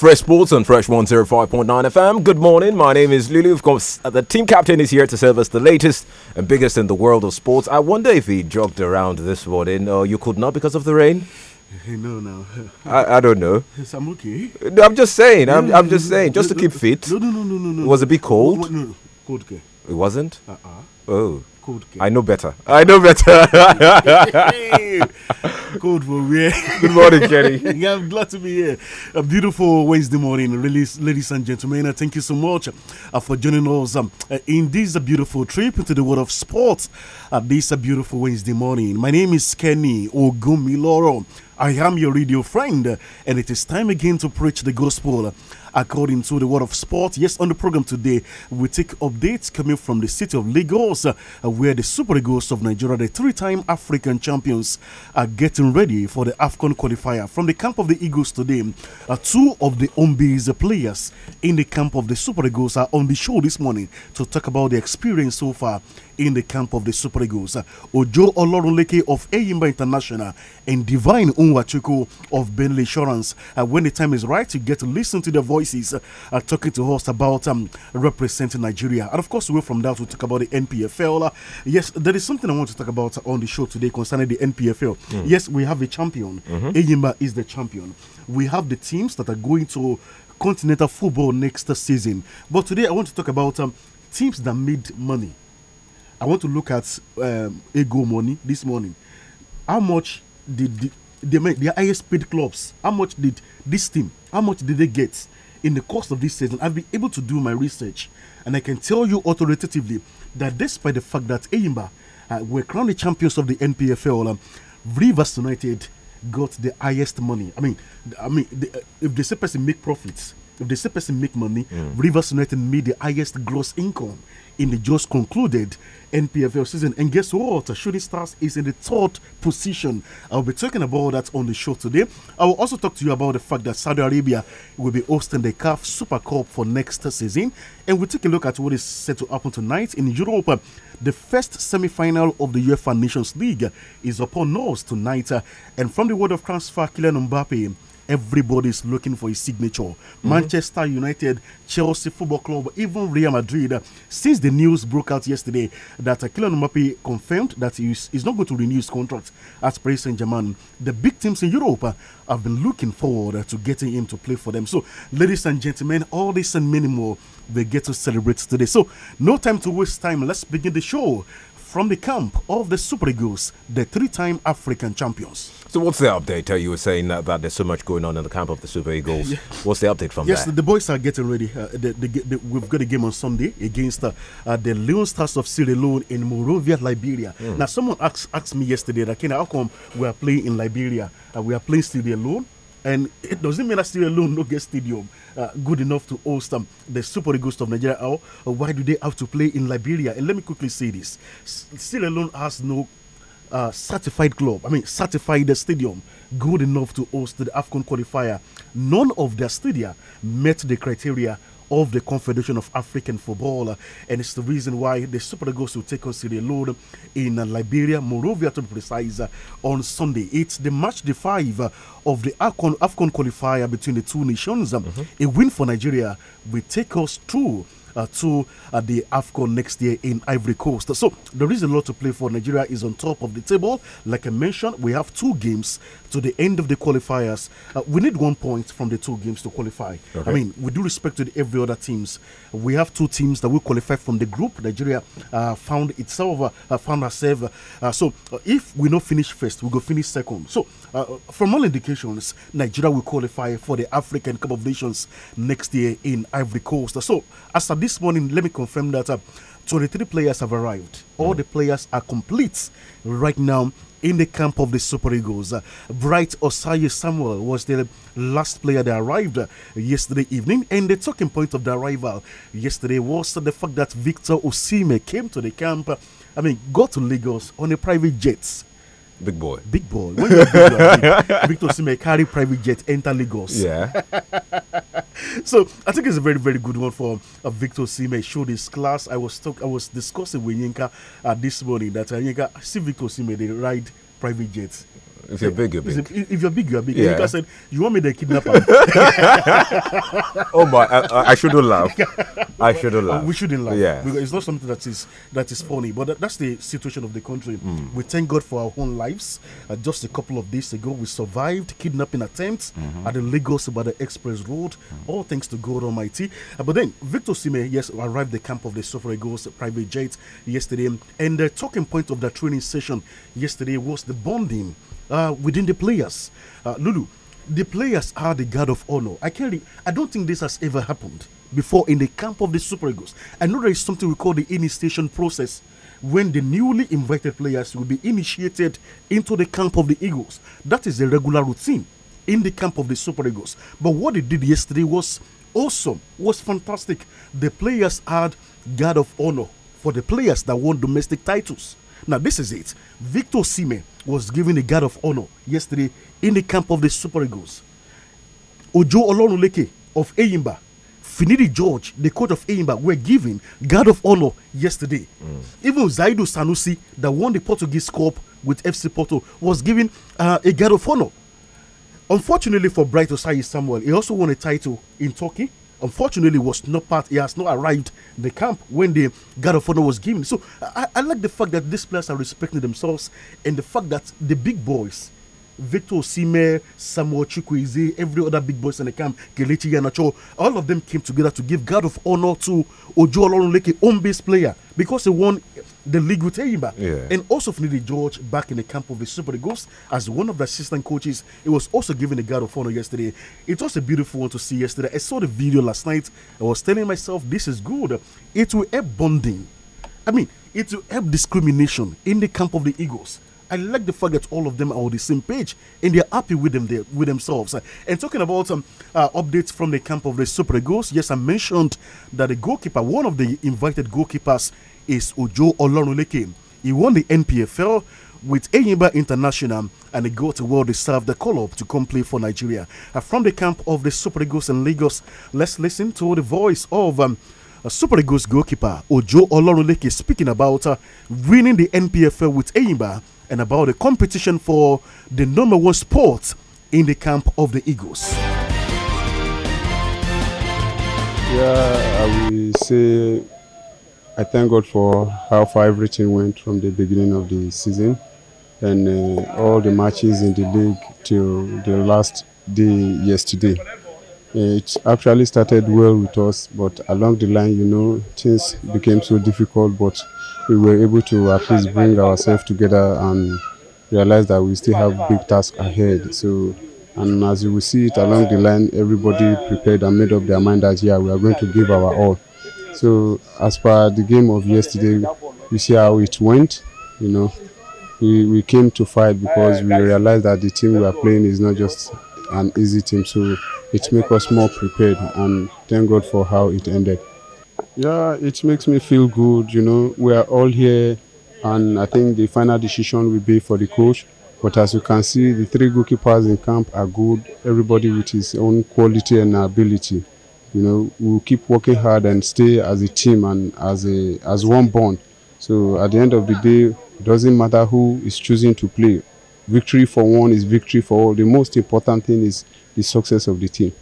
Fresh Sports on Fresh 105.9 FM. Good morning. My name is Lulu. Of course, uh, the team captain is here to serve us the latest and biggest in the world of sports. I wonder if he jogged around this morning or you could not because of the rain? No, no. I, I don't know. Yes, I'm okay. No, I'm just saying. I'm, I'm just saying. Just to keep fit. No, no, no, no, no. It was a bit cold. No, no, cold. It wasn't? Uh-uh. Oh. Cold I know better. I know better. Cold for Good morning, Kenny. yeah, I'm glad to be here. A beautiful Wednesday morning, ladies and gentlemen. Uh, thank you so much uh, for joining us um, uh, in this beautiful trip into the world of sports. this a beautiful Wednesday morning. My name is Kenny Ogumiloro. I am your radio friend, and it is time again to preach the gospel according to the world of sport. Yes, on the program today, we take updates coming from the city of Lagos, uh, where the Super Eagles of Nigeria, the three time African champions, are getting ready for the AFCON qualifier. From the camp of the Eagles today, uh, two of the Ombis players in the camp of the Super Eagles are on the show this morning to talk about the experience so far in the camp of the Super Eagles. Ojo Olorunleke of Eyimba International and Divine Unwachuku of Benley Insurance. Uh, when the time is right, you get to listen to their voices uh, talking to us about um, representing Nigeria. And of course, away from that, we'll talk about the NPFL. Uh, yes, there is something I want to talk about on the show today concerning the NPFL. Mm. Yes, we have a champion. Mm -hmm. is the champion. We have the teams that are going to continental football next season. But today I want to talk about um, teams that made money. I want to look at um, Ego money this morning. How much did the, they make highest paid clubs? How much did this team? How much did they get in the course of this season? I've been able to do my research, and I can tell you authoritatively that despite the fact that Eyimba uh, were crowned the champions of the NPFL, um, Rivers United got the highest money. I mean, I mean, the, uh, if the same person make profits, if the same person make money, mm. Rivers United made the highest gross income in the just concluded NPFL season. And guess what? Shooting Stars is in the third position. I'll be talking about that on the show today. I will also talk to you about the fact that Saudi Arabia will be hosting the CAF Super Cup for next season. And we'll take a look at what is set to happen tonight in Europe. The first semi final of the UEFA Nations League is upon us tonight. And from the world of transfer, Kylian Mbappe Everybody's looking for his signature. Mm -hmm. Manchester United, Chelsea Football Club, even Real Madrid. since the news broke out yesterday that uh, Kylian Mbappe confirmed that he is, he's not going to renew his contract at Paris Saint-Germain, the big teams in Europe uh, have been looking forward uh, to getting him to play for them. So, ladies and gentlemen, all this and many more we get to celebrate today. So, no time to waste time. Let's begin the show from the camp of the Super Eagles, the three time African champions. So, what's the update? Uh, you were saying that, that, there's so much going on in the camp of the Super Eagles. Yeah. What's the update from yes, there? Yes, the boys are getting ready. Uh, we've got a game on Sunday against uh, uh the Leon Stars of Sierra Leone in Morovia, Liberia. Mm. Now, someone asked, asked me yesterday, Rakina, how come we are playing in Liberia? Uh, we are playing Sierra Leone and it doesn't mean that still alone no get stadium uh, good enough to host um, the Super Eagles of Nigeria. How, uh, why do they have to play in Liberia? And let me quickly say this: still alone has no uh, certified club. I mean, certified stadium good enough to host the Afcon qualifier. None of their stadia met the criteria of the Confederation of African Football. Uh, and it's the reason why the Super Eagles will take us to the Lord in uh, Liberia, Morovia to be precise, uh, on Sunday. It's the match the five of the AFCON, qualifier between the two nations. Mm -hmm. A win for Nigeria will take us through uh, to uh, the AFCON next year in Ivory Coast. So there is a lot to play for. Nigeria is on top of the table. Like I mentioned, we have two games to the end of the qualifiers. Uh, we need one point from the two games to qualify. Okay. I mean, we do respect to every other teams, we have two teams that will qualify from the group. Nigeria found itself, found herself. so if we not finish first, we go finish second. So uh, from all indications, Nigeria will qualify for the African Cup of Nations next year in Ivory Coast. So, as of this morning, let me confirm that uh, 23 players have arrived. All mm. the players are complete right now in the camp of the Super Eagles. Uh, Bright Osaye Samuel was the last player that arrived uh, yesterday evening, and the talking point of the arrival yesterday was uh, the fact that Victor Osime came to the camp. Uh, I mean, got to Lagos on a private jet Big boy. Big boy. When you're big Victor Sime carry private jet enter Lagos. Yeah. so I think it's a very very good one for uh, Victor Sime. Showed his class. I was talk. I was discussing with Yinka uh, this morning that uh, Yinka see Victor Sime they ride private jets. If you're eh, big, you're big. If you're big, you're big. Yeah. Erika said, "You want me to kidnap oh my! I, I shouldn't laugh. I uh, shouldn't laugh. We shouldn't laugh. Yeah, because it's not something that is that is funny. But that, that's the situation of the country. Mm. We thank God for our own lives. Uh, just a couple of days ago, we survived kidnapping attempts mm -hmm. at the Lagos by the Express Road. Mm. All thanks to God Almighty. Uh, but then Victor Sime, yes, arrived the camp of the Sofregos private jet yesterday, and the talking point of the training session yesterday was the bonding uh, within the players. Uh, Lulu, the players are the guard of honor. I can't. I don't think this has ever happened before in the camp of the Super Eagles. I know there is something we call the initiation process when the newly invited players will be initiated into the camp of the Eagles. That is the regular routine in the camp of the Super Eagles. But what they did yesterday was awesome, was fantastic. The players had guard of honor for the players that won domestic titles. Now, this is it. Victor Sime was given a guard of honor yesterday in the camp of the Super Eagles. Ojo Olonuleke of Eyimba, Finidi George, the coach of Eyimba, were given guard of honor yesterday. Mm. Even Zaidu Sanusi, that won the Portuguese Cup with FC Porto, was given uh, a guard of honor. Unfortunately for Bright Osai Samuel, he also won a title in Turkey unfortunately was not part, he has not arrived in the camp when the guard of honor was given. So I, I like the fact that these players are respecting themselves and the fact that the big boys Victor Osime, Samuel Chukwueze, every other big boys in the camp, Kelechi Yanacho, all of them came together to give God of honor to Ojo Olorunleke, home-based player, because he won the league with Eyimba. Yeah. And also Finidi George back in the camp of the Super Eagles as one of the assistant coaches. It was also given the guard of honor yesterday. It was a beautiful one to see yesterday. I saw the video last night. I was telling myself, this is good. It will help bonding. I mean, it will help discrimination in the camp of the Eagles. I like the fact that all of them are on the same page and they're happy with them with themselves. And talking about um, uh, updates from the camp of the Super Eagles, yes, I mentioned that the goalkeeper, one of the invited goalkeepers, is Ojo Olorunleke. He won the NPFL with Enyimba International and he got a well deserved the call up to come play for Nigeria. Uh, from the camp of the Super Eagles in Lagos, let's listen to the voice of um, Super Eagles goalkeeper Ojo Olorunleke speaking about uh, winning the NPFL with Enyimba and about the competition for the number one sport in the camp of the Eagles. Yeah, I will say I thank God for how far everything went from the beginning of the season and uh, all the matches in the league till the last day yesterday. Uh, it actually started well with us, but along the line, you know, things became so difficult. But we were able to at least bring ourselves together and realize that we still have big tasks ahead. So, and as you will see it along the line, everybody prepared and made up their mind that yeah, we are going to give our all. So, as per the game of yesterday, you see how it went. You know, we, we came to fight because we realized that the team we are playing is not just an easy team. So, it makes us more prepared, and thank God for how it ended. Yeah, it makes me feel good. You know, we are all here, and I think the final decision will be for the coach. But as you can see, the three goalkeepers in camp are good. Everybody with his own quality and ability. You know, we'll keep working hard and stay as a team and as a as one bond. So at the end of the day, it doesn't matter who is choosing to play. Victory for one is victory for all. The most important thing is the success of the team.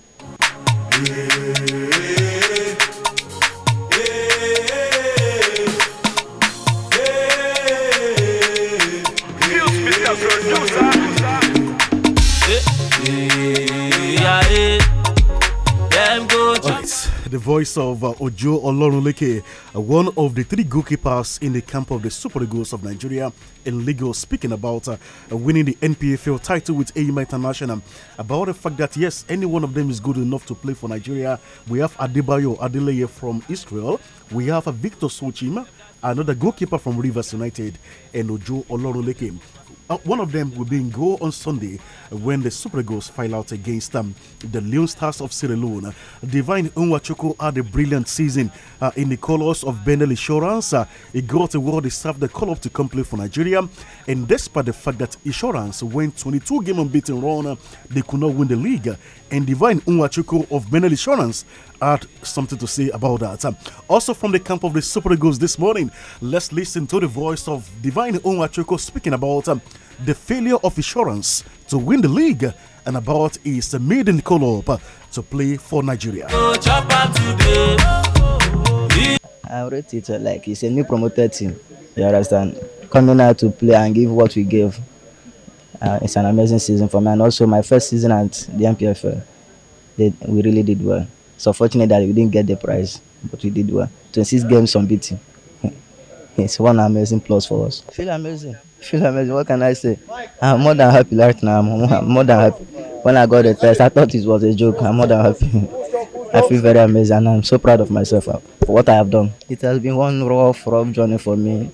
voice of uh, Ojo Olorunleke, uh, one of the three goalkeepers in the camp of the Super Eagles of Nigeria in Lagos, speaking about uh, winning the NPFL title with AIMA International. About the fact that, yes, any one of them is good enough to play for Nigeria. We have Adebayo Adeleye from Israel, we have uh, Victor Sochima, another goalkeeper from Rivers United, and Ojo Olorunleke uh, one of them will be in goal on Sunday when the Super Eagles file out against um, the Leon Stars of Sierra Leone. Divine Unwachoko had a brilliant season uh, in the colors of Benel Insurance. Uh, he got a world deserved the call up to complete for Nigeria. And despite the fact that Insurance went 22 game unbeaten run, uh, they could not win the league and Divine Unwachuku of Benel Insurance had something to say about that. Um, also, from the camp of the Super Eagles this morning, let's listen to the voice of Divine Unwachuku speaking about um, the failure of insurance to win the league and about his maiden call up uh, to play for Nigeria. I rate it like it's a new promoted team. You understand? Coming out to play and give what we gave uh, it's an amazing season for me, and also my first season at the MPFL, they, we really did well. So fortunate that we didn't get the prize, but we did well. 26 games unbeaten. it's one amazing plus for us. feel amazing. feel amazing. What can I say? I'm more than happy right now. I'm more than happy. When I got the test, I thought it was a joke. I'm more than happy. I feel very amazing. and I'm so proud of myself for what I have done. It has been one rough, rough journey for me.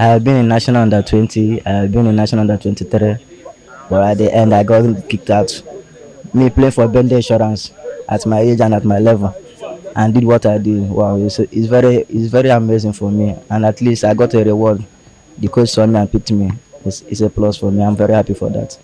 I have been in national under 20, I have been in national under 23. But at the end, I got kicked out. Me play for Bende Insurance at my age and at my level, and did what I did. Wow, it's, it's very it's very amazing for me. And at least I got a reward. The coach saw me and picked me. It's, it's a plus for me. I'm very happy for that.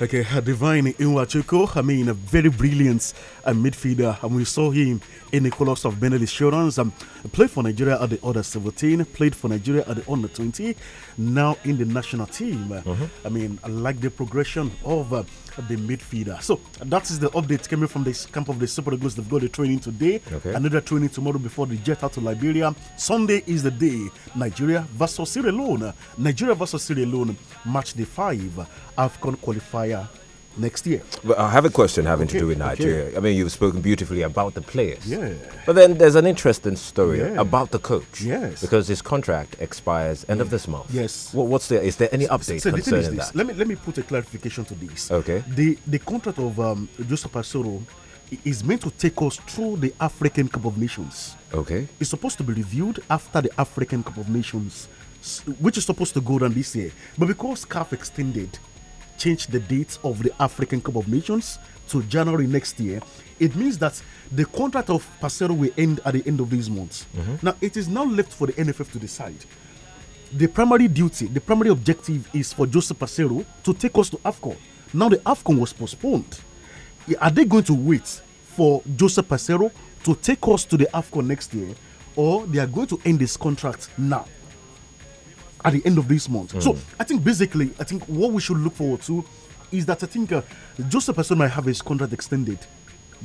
Okay, Divine Iwacheko, I mean, a very brilliant uh, midfielder, and we saw him in the colours of Benelli Children's. Um, played for Nigeria at the under 17, played for Nigeria at the under 20, now in the national team. Uh I mean, I like the progression of uh, the midfielder. So that is the update coming from the camp of the Super Eagles. They've got the training today, okay. another training tomorrow before they jet out to Liberia. Sunday is the day Nigeria versus Sierra Leone. Nigeria versus Sierra Leone, match the five AFCON qualifier next year. But I have a question having okay, to do with Nigeria. Okay. I mean, you've spoken beautifully about the players. Yeah. But then there's an interesting story yeah. about the coach. Yes. Because his contract expires end yeah. of this month. Yes. Well, what's there? Is there any update so, so concerning that? Let me let me put a clarification to this. Okay. The the contract of um, Joseph Asoro is meant to take us through the African Cup of Nations. Okay. It's supposed to be reviewed after the African Cup of Nations, which is supposed to go down this year. But because CAF extended change the date of the African Cup of Nations to January next year, it means that the contract of Pacero will end at the end of this month. Mm -hmm. Now, it is now left for the NFF to decide. The primary duty, the primary objective is for Joseph Pacero to take us to AFCON. Now, the AFCON was postponed. Are they going to wait for Joseph Pacero to take us to the AFCON next year, or they are going to end this contract now? at the end of this month. Mm. So I think basically, I think what we should look forward to is that I think uh, a Person might have his contract extended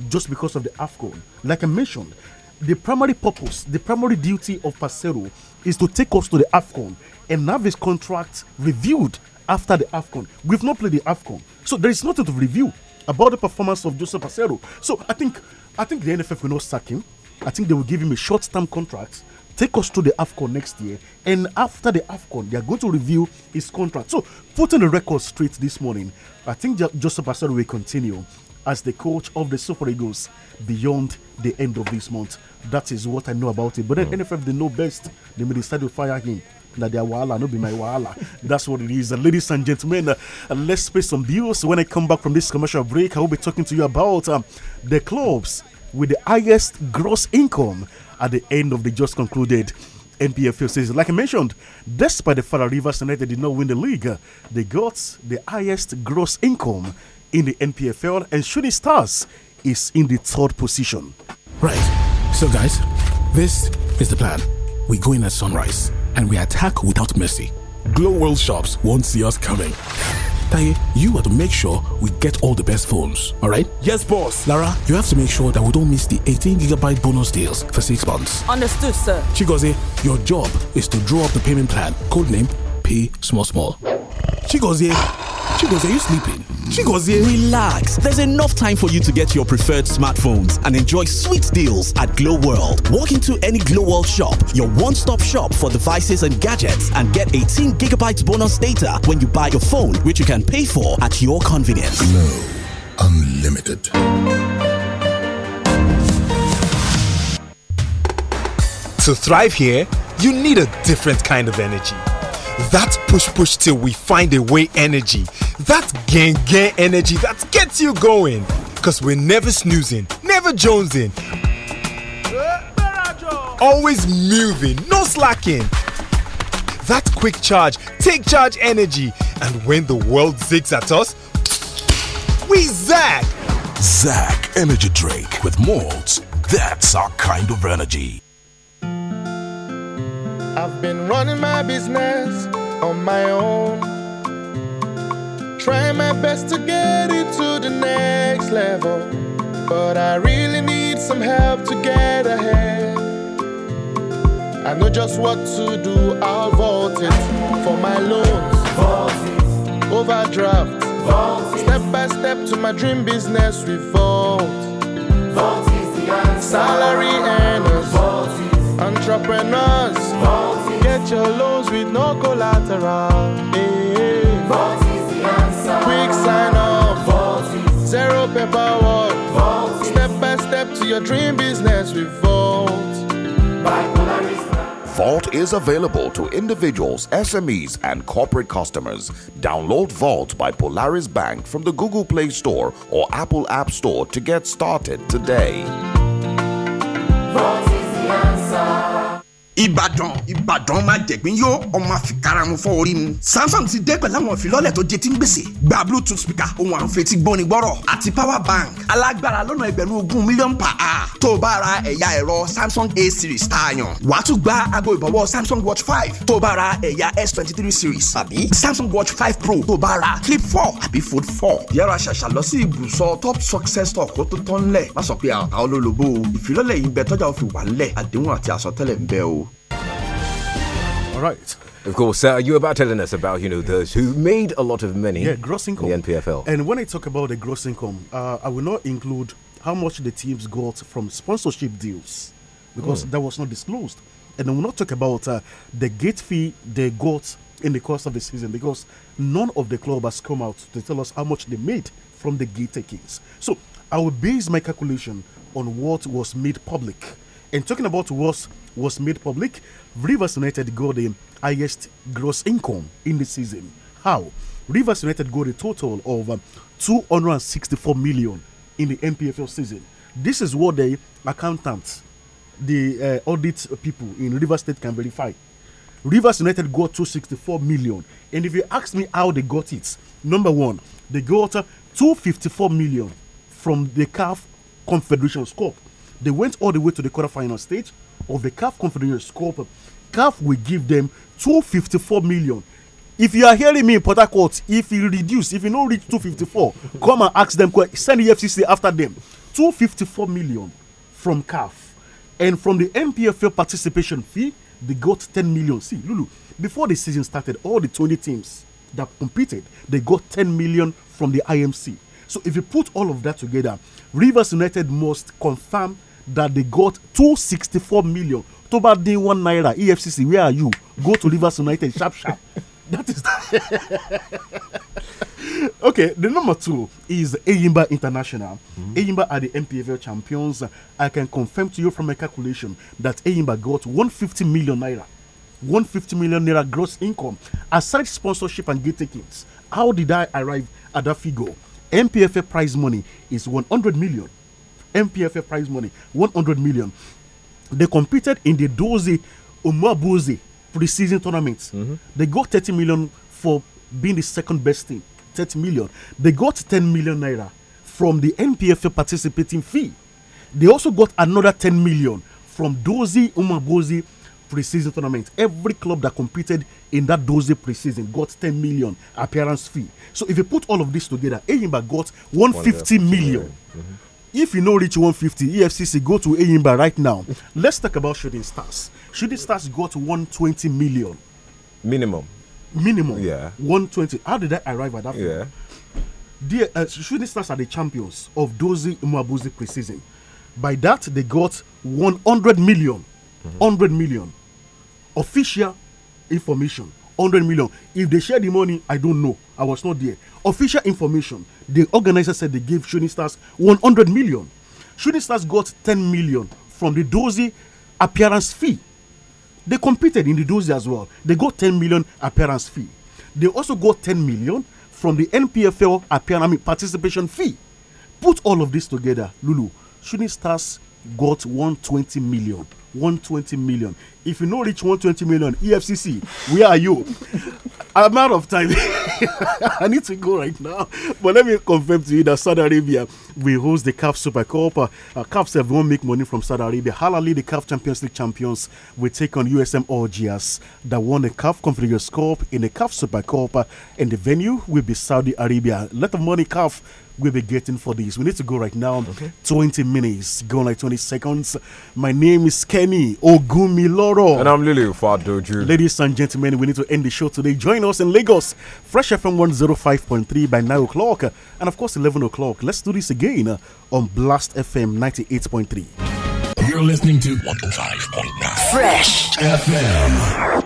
just because of the AFCON. Like I mentioned, the primary purpose, the primary duty of Pacero is to take us to the AFCON and have his contract reviewed after the AFCON. We've not played the AFCON. So there is nothing to review about the performance of Joseph Pacero. So I think I think the NFF will not sack him. I think they will give him a short-term contract take us to the AFCON next year. And after the AFCON, they are going to review his contract. So, putting the record straight this morning, I think Joseph Asad will continue as the coach of the Super Eagles beyond the end of this month. That is what I know about it. But then, mm. NFF, they know best. They may decide to fire him na their wahala no be my wahala that's what it is uh, ladies and gentlemen uh, let's pay some bills when i come back from this commercial break i will be talking to you about um, the clubs with the highest gross income at the end of the just concluded NPFL season. Like I mentioned, despite the fact that Rivers United did not win the league, they got the highest gross income in the NPFL, and Shooting Stars is in the third position. Right. So, guys, this is the plan. We go in at sunrise and we attack without mercy. Glow World Shops won't see us coming. Taye, you are to make sure we get all the best phones, alright? Yes, boss. Lara, you have to make sure that we don't miss the 18GB bonus deals for six months. Understood, sir. Chigozie, your job is to draw up the payment plan, codename Pay Small Small. Chigozie. Chigozie, are you sleeping? Chigozie. Relax. There's enough time for you to get your preferred smartphones and enjoy sweet deals at Glow World. Walk into any Glow World shop, your one-stop shop for devices and gadgets, and get 18 gigabytes bonus data when you buy your phone, which you can pay for at your convenience. Glow Unlimited. To thrive here, you need a different kind of energy that push push till we find a way energy. That gang gang energy that gets you going. Cause we're never snoozing, never jonesing. Always moving, no slacking. That quick charge, take charge energy. And when the world zigs at us, we zack. Zack Energy Drake with malts. That's our kind of energy. I've been running my business on my own. Trying my best to get it to the next level. But I really need some help to get ahead. I know just what to do, I'll vault it for my loans. Vault it. Overdraft. Vault it. Step by step to my dream business, we vote. Vault is the answer. Salary earners. Vault. Entrepreneurs, Vault get your loans with no collateral. Hey. Vault is the answer. Quick sign up. Vault is zero paperwork. Vault step by step to your dream business with Vault. Vault is available to individuals, SMEs, and corporate customers. Download Vault by Polaris Bank from the Google Play Store or Apple App Store to get started today. Vault. ìbàdàn ìbàdàn máa jẹ̀gbín yó ọmọ àfikara mu fọ́ orí mu. samsung ti dé pẹ̀lú àwọn ìfilọ́lẹ̀ tó jẹ tí ń gbèsè gba bluetooth speaker ohun àǹfẹ̀tì gbóni gbọ́rọ̀ àti power bank alágbára lọ́nà ẹgbẹ̀rún ogún mílíọ̀nù pa a. tó o bá ra ẹ̀yà ẹ̀rọ samsung a series tá a yàn. wàá tún gba aago ìbọ̀wọ́ samsung watch five tó o bá ra ẹ̀yà s twenty three series àbí samsung watch five pro tó o bá ra clip four àbí fold four. yára ṣàṣà lọ sí ibùsọ top success store kó tó tán lẹ̀ má sọ pé àwọn olólobó ìfilọ́lẹ̀ yìí bẹ tọ́jà òfin wà lẹ̀ àdéhùn àti àsọtẹ́lẹ̀ ń bẹ o. right. Of course, uh, you were about telling us about you know those who made a lot of money. Yeah, gross income. the NPFL. And when I talk about the gross income, uh, I will not include how much the teams got from sponsorship deals because mm. that was not disclosed. And I will not talk about uh, the gate fee they got in the course of the season because none of the club has come out to tell us how much they made from the gate takings. So I will base my calculation on what was made public and talking about what was made public, Rivers United got the highest gross income in the season. How? Rivers United got a total of uh, 264 million in the NPFL season. This is what the accountants, the uh, audit people in Rivers State can verify. Rivers United got 264 million. And if you ask me how they got it, number one, they got uh, 254 million from the CAF Confederation scope. They went all the way to the quarterfinal stage of the CAF Confederation Cup. CAF will give them 254 million. If you are hearing me in Port if you reduce, if you don't reach 254, come and ask them, send the FCC after them. 254 million from CAF. And from the MPFL participation fee, they got 10 million. See, Lulu, before the season started, all the 20 teams that competed, they got 10 million from the IMC. So if you put all of that together, Rivers United must confirm that they got 264 million tó bá dín one naira efcc where are you go to rivers united sharp sharp that is that. okay the number two is eyimba international mm -hmm. are the mpfl champions i can confirm to you from a calculation that eyimba got 150 million naira 150 million naira gross income aside sponsorship and gate tickets how did i arrive at that figure MPFA prize money is 100 million MPFF prize money, 100 million. They competed in the Dozi Umabuzi preseason tournament. Mm -hmm. They got 30 million for being the second best team. 30 million. They got 10 million naira from the MPFA participating fee. They also got another 10 million from Dozi Umabuzi preseason tournament. Every club that competed in that Dozi preseason got 10 million appearance fee. So if you put all of this together, Eyimba got 150 million. Mm -hmm if you know reach 150 efcc go to eyimba right now let's talk about shooting stars shooting stars got 120 million minimum minimum yeah 120 how did i arrive at that yeah the uh, shooting stars are the champions of dozi mwabuzi preseason by that they got 100 million mm -hmm. 100 million official information 100 million if they share the money i don't know i was not there official information the organizer said they gave Shooting Stars 100 million. Shooting Stars got 10 million from the Dozy appearance fee. They competed in the Dozy as well. They got 10 million appearance fee. They also got 10 million from the NPFL appearance I mean, participation fee. Put all of this together, Lulu. Shooting Stars got 120 million. 120 million if you no reach 120 million efcc where are you i'm out of time i need to go right now but let me confirm to you that saudi arabia will host the caf super cup uh, uh, cafs have will make money from saudi arabia halali the caf champions league champions will take on usm orgias that won the caf confederations cup in the caf super cup uh, and the venue will be saudi arabia a lot of money caf we'll be getting for this. We need to go right now. Okay. 20 minutes, go like 20 seconds. My name is Kenny Ogumiloro. And I'm Lily Fadoju. Ladies and gentlemen, we need to end the show today. Join us in Lagos, Fresh FM 105.3 by 9 o'clock. And of course, 11 o'clock. Let's do this again on Blast FM 98.3. You're listening to 105.9 Fresh FM.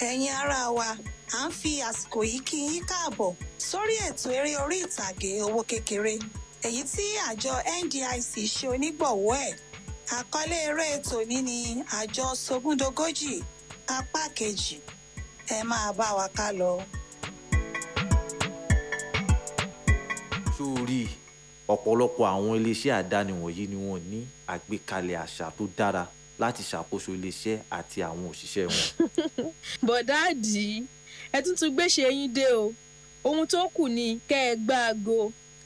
ẹ̀yin ara wa à ń fi àsìkò yìí kí yín káàbọ̀ sórí ètò eré orí ìtàgé owó kékeré èyí tí àjọ NDIC ṣe onígbọ̀wọ́ ẹ̀ àkọlé eré tòní ni àjọ sógúndogójì apá kejì ẹ máa bá wa ká lọ. sórí ọ̀pọ̀lọpọ̀ àwọn iléeṣẹ́ àdáni wọ̀nyí ni wọ́n ní àgbékalẹ̀ àṣà tó dára láti ṣàkóso iléeṣẹ́ àti àwọn òṣìṣẹ́ wọn. bọ̀dáàdì ẹ tún tún gbéṣẹ́ yín dé o ohun tó kù ni kẹ́ ẹ gbá aago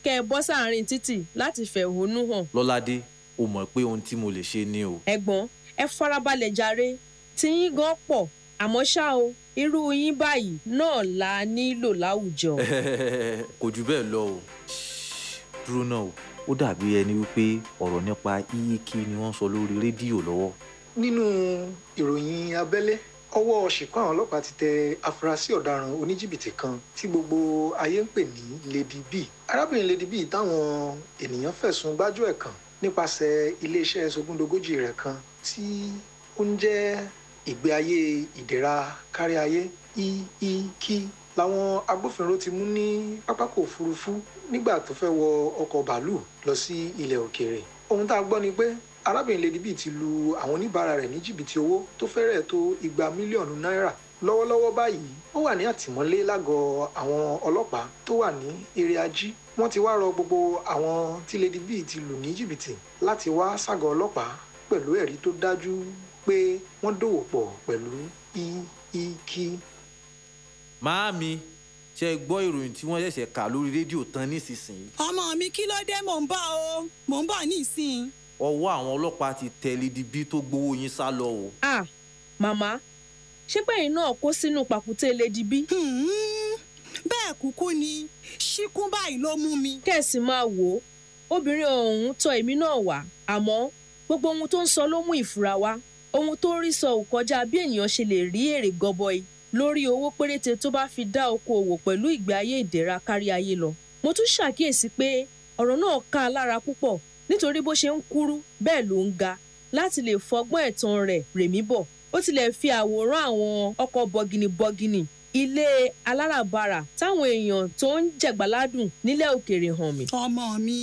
kẹ́ ẹ bọ́ sáàrin títì láti fẹ̀hónú hàn. lọ́ládé o mọ̀ pé ohun tí mo lè ṣe ni o. ẹ̀gbọ́n ẹ farabalẹ̀ jàre tiyín gan pọ̀ àmọ́ ṣá o irú yín báyìí náà la nílò láwùjọ. kò jù bẹ́ẹ̀ lọ o dúró náà o ó dàbí ẹni wípé ọ̀rọ̀ nípa iyíkí ni wọ́n sọ lórí rédíò lọ́wọ́. nínú ìròyìn abẹ́lé ọwọ́ ṣìkún àwọn ọlọ́pàá ti tẹ afurasí ọ̀daràn oníjìbìtì kan tí gbogbo ayé ń pè ní Lady B arábìnrin Lady B táwọn ènìyàn fẹ̀sùn gbájúẹ̀ kàn nípasẹ̀ iléeṣẹ́ sogúndogójì rẹ̀ kan tí ó ń jẹ́ ìgbé ayé ìdẹ̀ra kárí ayé eek làwọn agbófinró ti mú ní pápákọ̀ òfurufú nígbà tó fẹ́ wọ ọkọ̀ bàálù lọ sí ilẹ̀ òkèèrè ohun tá a gbọ́ ni pé arábìnrin lady bíi ti lu àwọn oníbàárà rẹ̀ ní jìbìtì owó tó fẹ́rẹ̀ tó igba mílíọ̀nù náírà lọ́wọ́lọ́wọ́ báyìí ó wà ní àtìmọ́lé lágọ̀ọ́ àwọn ọlọ́pàá tó wà ní eré ají wọ́n ti wá rọ gbogbo àwọn tí lady bíi ti lù ní jìbìtì láti wá ságọ̀ ọlọ́pàá pẹ̀lú ẹ̀rí tó dájú pé wọ́n dòwò pọ̀ pẹ̀lú iiki. E màámi ṣe gbọ́ ìròyìn tí wọ́n ṣẹ̀ṣẹ̀ kà lórí rédíò tán nísinsìnyí. ọmọ mi kí ló dé mò ń bọ̀ o mò ń bọ̀ nísìnyí ọwọ́ àwọn ọlọ́pàá ti tẹ Lídìbí tó gbowó yín sá lọ o. ah màmá ṣé pẹ̀yìn náà kó sínú pàkúté Lídìbí. Hmm, bẹ́ẹ̀ kúkú ni ṣíkún báyìí ló mú mi. kẹ́sì máa wò ó obìnrin ọ̀hún tọ èmi náà wá àmọ́ gbogbo ohun tó ń sọ ló mú ìfura wá ohun tó rí sọ ò kọjá bí ènìyàn ṣe lè rí èrè gọbọi lórí owó péréte tó bá fi dá okoòwò pẹ̀lú ìgbé ayé ìdẹ̀ra kárí ayé lọ mo tún ṣàkíyèsí pé ọ̀rọ̀ náà ká a lára púpọ̀ nítorí bó ṣe ń kúrú bẹ́ẹ̀ ló ń ga láti lè fọgbọ́n ẹ̀tàn rẹ̀ rèmí bọ̀ ó tilẹ̀ fi àwòrán àwọn ọkọ̀ bọ̀gìnìbọ̀gìnì ilé aláràbarà táwọn èèyàn tó ń jẹ̀gbáládùn nílẹ̀ òkèèrè hàn mí. ọmọ mi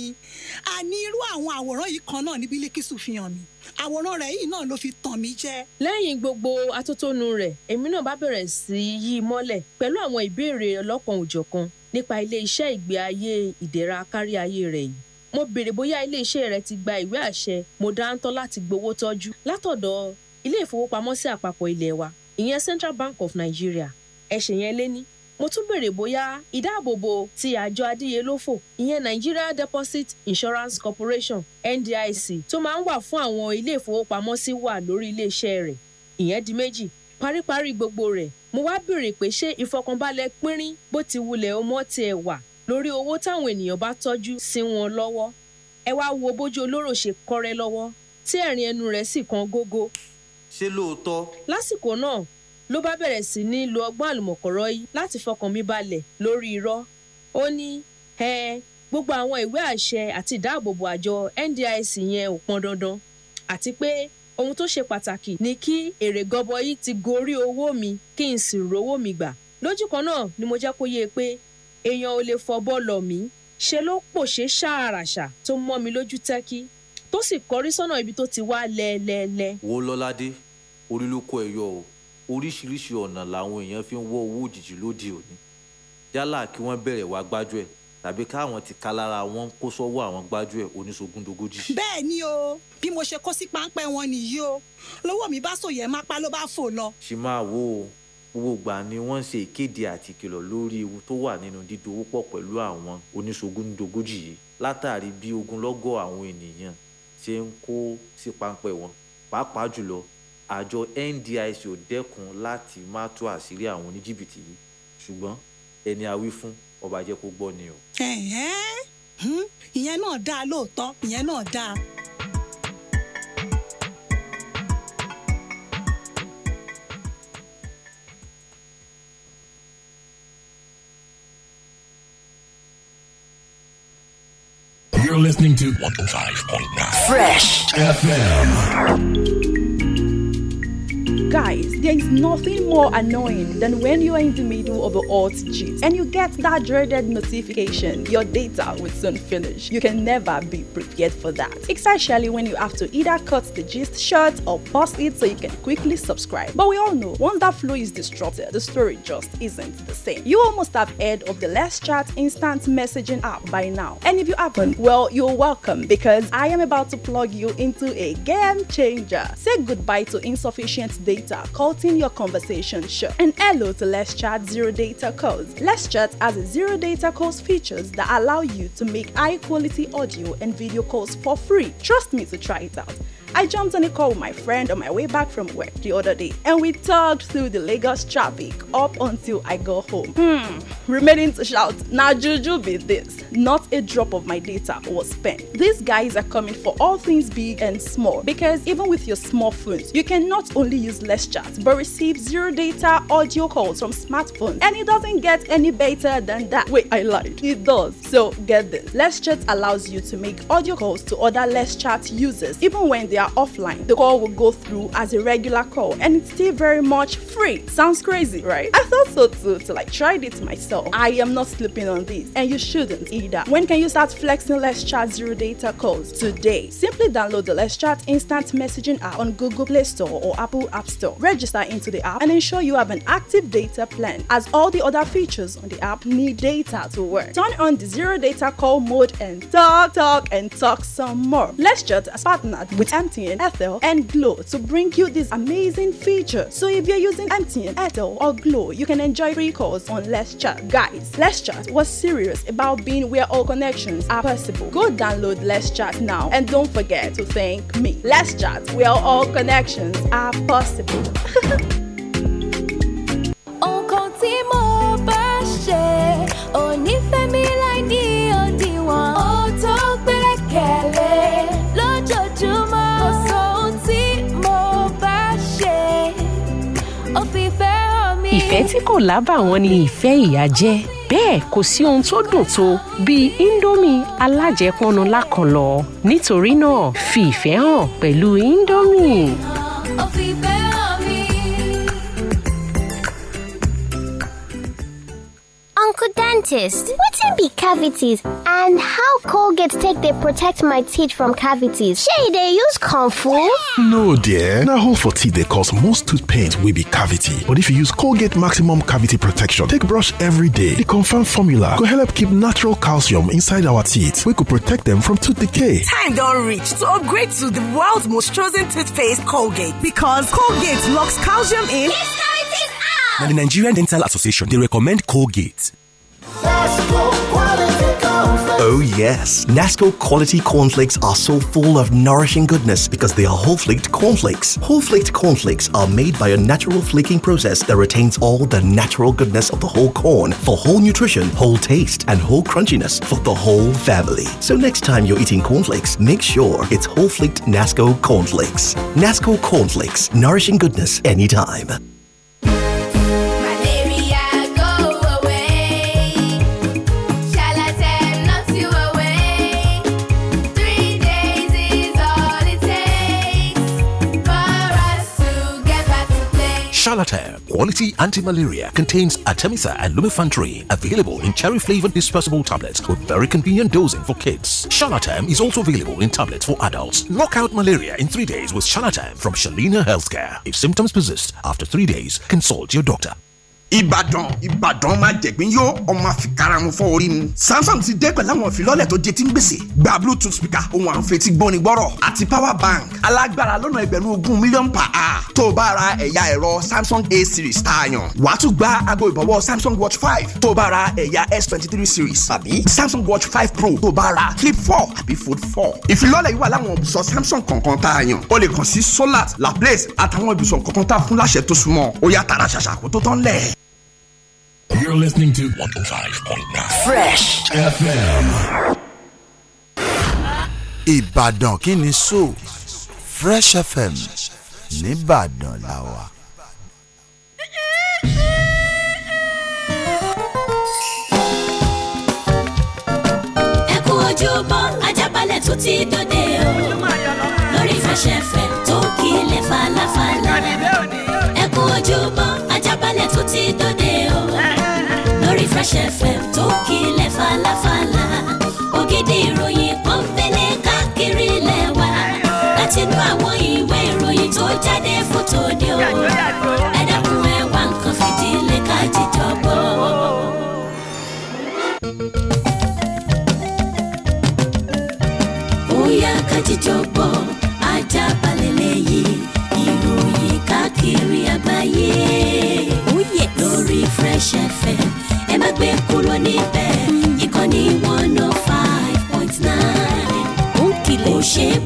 a ní irú àwọn àwòrán yìí kan náà ní Bílíkísù fi hàn mí àwòrán rẹ̀ yìí náà ló fi tàn mí jẹ. lẹ́yìn gbogbo atótónu rẹ̀ èmi náà bá bẹ̀rẹ̀ sí í yí mọ́lẹ̀ pẹ̀lú àwọn ìbéèrè ọlọ́kan ò nípa ilé iṣẹ́ ìgbé ayé ìdẹ̀ra kárí ayé rẹ̀ yìí mo béèrè bóyá ilé-iṣẹ́ rẹ̀ ti gba ìwé àṣẹ mọ̀dáńtọ́ láti gbowó tọ́jú látọ̀dọ̀ ilé ìfowópamọ́sí àpapọ̀ ilé wa ìyẹn Central Bank of Nigeria ẹ̀ṣẹ̀ yẹn lé ní mo tún béèrè bóyá ìdáàbòbò ti àjọ adíyelófò ìyẹn Nigeria Deposit Insurance Corporation NDIC tó máa ń wà fún àwọn ilé ìfowópamọ́sí wà lórí ilé-iṣẹ́ rẹ̀ ìyẹn di méjì paríparí gbogbo rẹ̀ mo wá béèrè pé ṣé ìfọkànbalẹ̀ pínrín bó ti wulẹ̀ ọmọ tiẹ̀ wà lórí owó táwọn ènìyàn bá tọ́jú sí wọn lọ́wọ́ ẹ wá wo bójú olóró ṣe kọ́rẹ́ lọ́wọ́ tí ẹ̀rín ẹnu rẹ̀ sì kan gógó. ṣé lóòótọ́. lásìkò náà ló bá bẹ̀rẹ̀ sí ní lo ọgbọ́n àlùmọ̀kọ́rọ́ yìí láti fọkàn mi balẹ̀ lórí irọ́ ó ní ẹ gbogbo àwọn ìwé àṣẹ àti ìdáàbòbò àjọ NDIC yẹn ò pọn dandan àti pé ohun tó ṣe pàtàkì ni kí èrè gọbọyí ti gorí owó mi kí n sì rówó mi gbà lójú kan náà ni mo jẹ́ kó yé e pé èèyàn ò lè fọbọ́ lọ mí ṣe ló pòṣé ṣàràṣà tó mọ́ mi lójú tẹ́kí tó sì kọrí sọ́nà ibi tó ti wá lẹ́ẹ̀lẹ́ẹ̀lẹ́. wo lọ́ládé orí ló kó ẹ yọ o oríṣiríṣi ọ̀nà làwọn èèyàn fi ń wọ́ owó òjijì lóde òní yálà kí wọ́n bẹ̀rẹ̀ wá gbájú ẹ̀ tàbí káwọn ti ka lára wọn kó sọ́wọ́ àwọn gbájú ẹ̀ oníṣogúndogójì. bẹ́ẹ̀ ni o bí mo ṣe kó sí páńpẹ́ wọn nìyí o lọ́wọ́ mi bá sòyẹ́ mápá ló bá fò lọ. ṣì máa wo o gbogbo ìgbà ni wọ́n ń ṣe ìkéde àti ìkìlọ̀ lórí ewu tó wà nínú dídowópọ̀ pẹ̀lú àwọn oníṣogúndogójì yìí látàrí bí ogunlọ́gọ̀ àwọn ènìyàn ṣe ń kó sí páńpẹ́ wọn pàápàá jùlọ àjọ NDIC ò dẹ́kun láti má tú àṣírí àwọn oníjìbìtì yìí ṣùgbọ́n ẹni a wí fún ọba jẹ́ kó gbọ́ ni o. ìyẹn náà dáa lóòótọ́ ìyẹn náà dáa You're listening to 105.9 Fresh FM. Guys, there is nothing more annoying than when you are in the middle of a hot gist and you get that dreaded notification your data will soon finish. You can never be prepared for that, especially when you have to either cut the gist short or pause it so you can quickly subscribe. But we all know once that flow is disrupted, the story just isn't the same. You almost have heard of the last Chat instant messaging app by now, and if you haven't, well, you're welcome because I am about to plug you into a game changer. Say goodbye to insufficient data Data, Culting Your Conversation Show. And hello to Let's Chat Zero Data calls. Let's Chat has a Zero Data calls features that allow you to make high quality audio and video calls for free. Trust me to try it out. I jumped on a call with my friend on my way back from work the other day and we talked through the Lagos traffic up until I got home. Hmm, remaining to shout, now Juju be this. Not a drop of my data was spent. These guys are coming for all things big and small because even with your smartphones, you can not only use less chat but receive zero data audio calls from smartphones and it doesn't get any better than that. Wait, I lied. It does. So get this. Less chat allows you to make audio calls to other less chat users even when they are are offline, the call will go through as a regular call and it's still very much free. Sounds crazy, right? I thought so too, so like tried it myself. I am not sleeping on this and you shouldn't either. When can you start flexing Let's Chat Zero Data calls? Today. Simply download the Let's Chat instant messaging app on Google Play Store or Apple App Store. Register into the app and ensure you have an active data plan as all the other features on the app need data to work. Turn on the zero data call mode and talk, talk and talk some more. Let's chat is partnered with M MTN, Ethel, and Glow to bring you this amazing feature. So if you're using MTN, Ethel, or Glow, you can enjoy free calls on Let's Chat. Guys, Let's Chat was serious about being where all connections are possible. Go download Let's Chat now and don't forget to thank me. Let's Chat, where all connections are possible. ìfẹ́ tí kò lábàwọ́n ni ìfẹ́ ìyá jẹ́ bẹ́ẹ̀ kò sí ohun tó dùn tó bíi indomie alájẹpọnu lákọlọ nítorí náà fi ìfẹ́ hàn pẹ̀lú indomie. dentist. Wetin be cavities and how Colgate take they protect my teeth from cavities? Shay, they use kung fu. No dear, na hole for teeth they cause most tooth pains will be cavity. But if you use Colgate maximum cavity protection take brush every day, the confirmed formula go help keep natural calcium inside our teeth We could protect them from tooth decay. Time don't reach to upgrade to the world's most chosen toothpaste Colgate because Colgate locks calcium in. Now the Nigerian Dental Association, they recommend Colgate. Oh, yes. Nasco quality cornflakes are so full of nourishing goodness because they are whole flaked cornflakes. Whole flaked cornflakes are made by a natural flaking process that retains all the natural goodness of the whole corn for whole nutrition, whole taste, and whole crunchiness for the whole family. So, next time you're eating cornflakes, make sure it's whole flaked Nasco cornflakes. Nasco cornflakes, nourishing goodness anytime. Ceratem, quality anti-malaria, contains Artemisa and Lumefantrine, available in cherry-flavored dispersible tablets with very convenient dosing for kids. Shalatam is also available in tablets for adults. Knock out malaria in three days with Shalatam from Shalina Healthcare. If symptoms persist after three days, consult your doctor. ìbàdàn ìbàdàn máa jẹ̀gbín yó ọmọ àfikara mu fọ́ orí mu samsung ti dé pẹ̀lú àwọn ìfilọ́lẹ̀ tó jẹ ti ń gbèsè gba bluetooth speaker ohun àǹfẹ̀tì gbóni gbọ́rọ̀ àti power bank alágbára lọ́nà ẹgbẹ̀rún ogún mílíọ̀nù pa á tó o bá ra ẹ̀yà ẹ̀rọ samsung a series tá a yàn wàá tún gba aago ìbọ̀wọ́ samsung watch five tó o bá ra ẹ̀yà s twenty three series àbí samsung watch five pro tó o bá ra flip four àbí fold four ìfilọ́lẹ̀ yìí wà láwọn ibùsọ̀ samsung kọ̀ọ̀kan tá a yàn o lè kàn sí solar laplace àtàwọn ibùsọ̀ kọ̀ọ̀kan tá a fún láṣẹ tó súnmọ́ ó yá tààrà ṣàṣà kó tó tán lẹ̀. You're listening to 105.9 Fresh FM. Ìbàdàn kí so Fresh FM nìbàdàn la lawa. Ẹ kú ojúmọ́ Ajábalẹ̀ tó ti dòde o lórí Fresh FM tó kílẹ̀ falafala ẹ kú ojúmọ́ Ajábalẹ̀ tó ti dòde. Fresh FM tó kílẹ̀ falafala ògidì ìròyìn kan fẹlẹ̀ káàkiri lẹ́wà láti inú àwọn ìwé ìròyìn tó jáde fótó ni o ẹ dákun ẹ wá nǹkan fìdílé ká jíjọ bóyá ká ajá balẹ̀ lẹ́yìn ìròyìn káàkiri àgbáyé oh lórí Fresh FM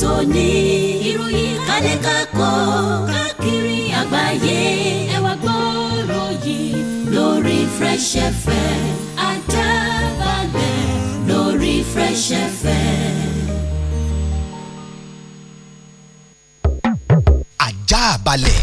tòní ìròyìn kálẹ̀ kakọ́ káàkiri àgbáyé ẹ wá gbọ́rọ̀ yìí lórí Fresh FM lórí Fresh FM. Ajaabale.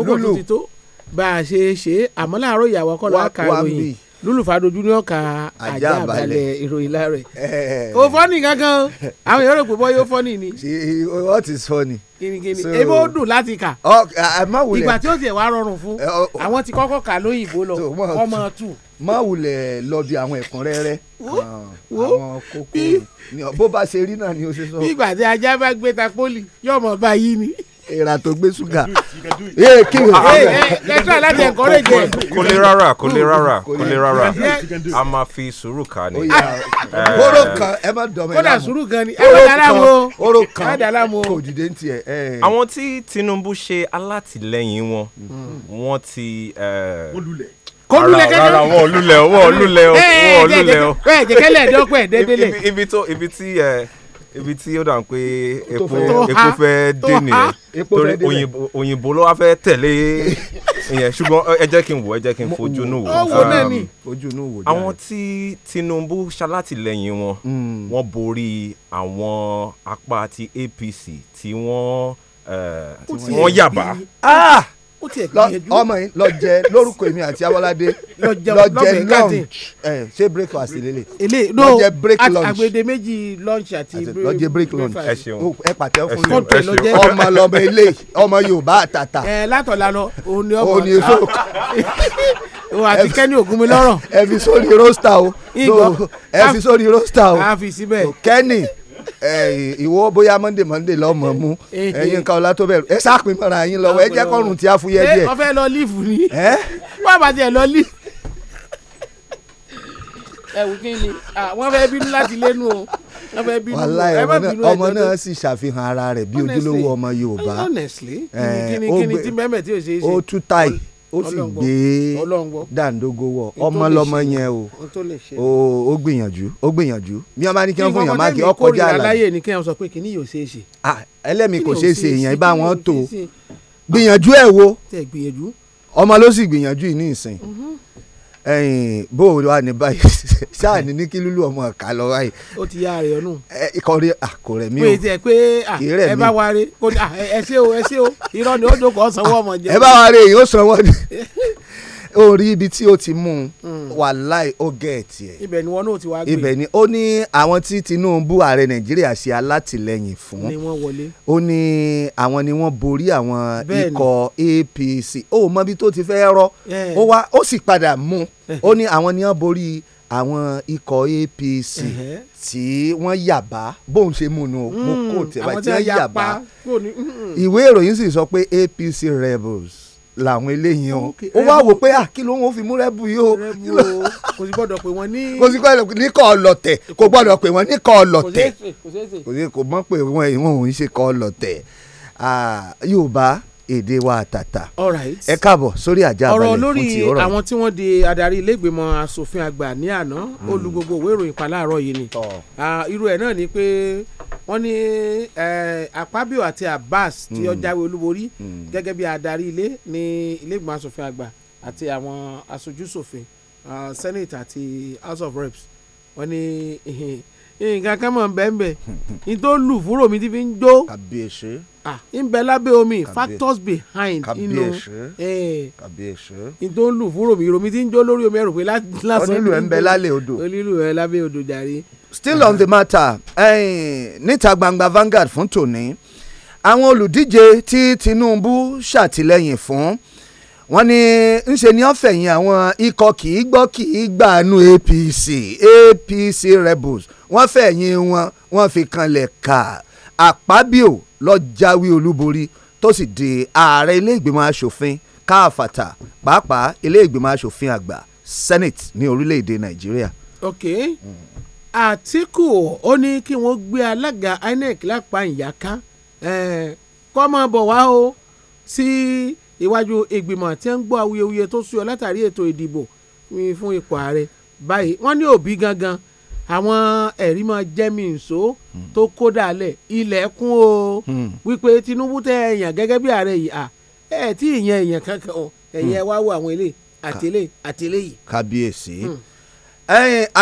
àkókò tó ti tó bá a ṣe ṣe àmọ́ láàárọ̀ ìyàwó kọ́ la ka ìròyìn lulu ní ọ̀ka ajá àbálẹ̀ ìròyìn láàrẹ̀ o fọ́nì kankan àwọn èèyàn rò pé bọ́yọ̀ fọ́nì ni. what is funny. kìnìkìnì ebi ó dùn láti kà ìgbà tí ó tiẹ̀ wá rọrùn fún àwọn tí kọ́kọ́ kà lóyìnbó lọ ọmọ tù má wulẹ̀ lọ bí àwọn ẹ̀kúnrẹ́rẹ́ ah, àwọn kókó bó bá ṣe rí náà ni ó ṣe sọ. bí ìgbà tí ajá bá gbé ta pólì yóò mọ̀ bá ni èèrà tó gbé ṣúgà. ee kí ni. lẹ́tọ́ láti ẹ̀kọ́ rẹ̀ jẹ. kò lè rárá kò lè rárá kò lè rárá a máa fi sùúrù kà ni. Eh. oró kan ẹ má dọ̀mọ̀ ẹ̀ lámú. kódà sùúrù gan ni ẹ má dà lámú o. oró kan kò dìde ní tiẹ̀. àwọn tí Tinubu ṣe alátìlẹyìn wọn mm. wọn ti. wọ́n lulẹ̀ kó lulẹ̀ kẹjọ rárá wọn lulẹ̀ wọn lulẹ̀ wọn lulẹ̀ o. ẹ ẹ jẹjẹrẹ kẹlẹ ẹdọkọ ẹdẹdẹlẹ. ibi ibi tí ibi tí ó dàn pé epo epo fẹ́ dé nìyẹn torí òyìnbó ló wá fẹ́ tẹ̀lé ìyẹn ṣùgbọ́n ẹ jẹ́ kí n wò ẹ jẹ́ kí n fojú inú wò um, fojú inú wò jáde. àwọn tí Tinubu ṣalátìlẹ́yìn wọn hmm. wọ́n borí àwọn apá ti APC tí wọ́n eh, wọ́n yàbá ó tiẹ̀ gbìyànjú. ọmọ yìí lọ jẹ lórúkọ èmi àti awolade lọ jẹ lunch ẹ ṣé breakfast lele lọ jẹ break lunch àgbèdè meji lunch ati. lọ jẹ break lunch ẹ ṣeun ẹ pàtẹ fún yìí ọmọ lọmọ ilé ọmọ yorùbá àtàtà. ẹ látọ̀lá lọ òun ni ọmọ òun ni so. o àti kẹ́ni ògúnmi lọ́rọ̀. ẹ fi sórí roster o ẹ fi sórí roster o kẹ́ni ìwọ bóyá monday monday lọ́mọ mú ẹyin nǹkan ọlá tó bẹ̀rù ẹ sápin mọ́ra yín lọ́wọ́ ẹ jẹ́ kọ́rùn tí a fúyẹ́ díẹ̀. ó fẹ́ lọ lífù ni wọ́n bá tiẹ̀ lọ lífù. ẹ̀wù kí ni wọ́n fẹ́ bínú láti lẹ́nu o wọ́n fẹ́ bínú ẹ má bínú ẹjọ́ ọmọ náà sì ṣàfihàn ara rẹ̀ bí ojúlówó ọmọ Yorùbá. honestly kí ni kí ni tí mẹ́mẹ́ tí ò ṣe é ṣe. ó tú táì ó sì gbé dàńdógó wọ ọmọ lọmọ yẹn o ó gbìyànjú ó gbìyànjú bí wọn bá ní kí wọn fún yàn máàkì ọkọ jà láàyè ni kí wọn sọ pé ni yóò ṣeé ṣe. ẹlẹ́mìí kò ṣeé ṣe èèyàn ibà wọn tó gbìyànjú ẹ̀ wo ọmọ ló sì gbìyànjú yìí ìsìn bó o wà ní báyìí sáà ní ní kí lulu ọmọ ọ̀ka lọ báyìí. ó ti yá rẹ̀ ọ̀nù. ìkọrí àkó rẹ̀ mi o. pèsè pé ẹ bá wa re ẹ ṣe o ẹ ṣe o irọ́ ni ó dòkó sanwó ọmọ jẹ. ẹ bá wa re yóò sanwó ni ó rí ibi tí ó ti mú un hmm. wàláì ó gẹ̀ ẹ̀ tiẹ̀. ibẹ̀ ni wọn náà ti wá gbé. ibẹ̀ ni ó ní àwọn tí Tinubu ààrẹ Nàìjíríà ṣe alátìlẹyìn fún. ni wọ́n wọlé. ó ní àwọn ni wọ́n borí àwọn ikọ̀ APC ó mọbi tó ti fẹ́ rọ́ eh. ó wá ó sì padà mú eh. ó ní àwọn ni wọ́n borí àwọn ikọ̀ APC eh tí wọ́n yàbá bóun ṣe mú un nù mo kò tẹ̀ bá tí wọ́n yàbá hmm. ìwé ìròyìn sì sọ pé APC rebels làwọn eléyìí o oh, ó wá wò pé à ah, kí ló ń wọ́n fi mú rẹ́bù yìí o. kò sí gbọ́dọ̀ pé wọ́n ní. kò sí gbọ́dọ̀ ní kọ́ ọlọ́tẹ̀ kò gbọ́dọ̀ pé wọ́n ní kọ́ ọlọ́tẹ̀ kò sí kò mọ̀ pé wọ́n ìwọ̀n òun ṣe kọ́ ọlọ́tẹ̀ ah, Yorùbá èdè wa àtàtà ẹ káàbọ̀ sórí àjà àbálẹ̀ fún ti ọ̀rọ̀ ọ̀rọ̀ lórí àwọn tí wọ́n di adarí ilégbèmọ̀ asòfin àgbà ní àná ó lu hmm. gbogbo òwe ìròyìn paláàrọ̀ yìí ni irú ẹ̀ náà ni pé wọ́n ní Akpabio àti Abbas tí ó hmm. jáwé olúborí hmm. gẹ́gẹ́ bí adarí ilé ní ilégbèmọ̀ asòfin àgbà àti àwọn aṣojúṣòfin senate àti house of reps wọ́n ní nǹkan kan mọ̀ bẹ́ẹ̀ bẹ́ẹ̀ ní tó lù fúrò mi ti fi ń jó ń ah. bẹ lábẹ́ omi factors behind inú eh. n tó ń lù fúnrò mi romi tí ń jó lórí omi ẹ̀rù pé lásán onílù ẹ̀ ń bẹ lálẹ́ odò onílù ẹ̀ lábẹ́ odò jàre. still on the matter níta gbangba Vanguard fún tòní àwọn olùdíje tí Tinubu ṣàtìlẹ́yìn fún wọ́n ní ńṣe ni ọ̀fẹ̀yìn àwọn ikọ̀ kì í gbọ́ kì í gbàánú APC APC rebels wọ́n fẹ̀yìn wọn wọ́n fi kanlẹ̀ kà àpábíò ló jáwé olúborí tó sì di ààrẹ ilé ìgbìmọ̀ asòfin káàfàtà pàápàá ilé ìgbìmọ̀ asòfin àgbà senate ní orílẹ̀-èdè nàìjíríà. ok àtìkù ó ní kí wọ́n gbé alága inec lápá ìyáká kọ́ mọ́ bọ̀ wá o sí iwájú ìgbìmọ̀ tí ń gbọ́ awuyewuye tó súyọ látàrí ètò ìdìbò fún ipò ààrẹ báyìí wọ́n ní òbí gangan àwọn ẹ̀rí mọ́ jẹ́mìíso hmm. tó kó dàlẹ̀ ilẹ̀kùn o hmm. wípé Tinubu tẹ èèyàn gẹ́gẹ́ bí ààrẹ yìí à ẹ̀ tí ìyẹn èèyàn kankan o ẹ̀yìn hmm. ẹ̀ wá wo àwọn eléyìí àtẹlé àtẹlé yìí. kábíyèsí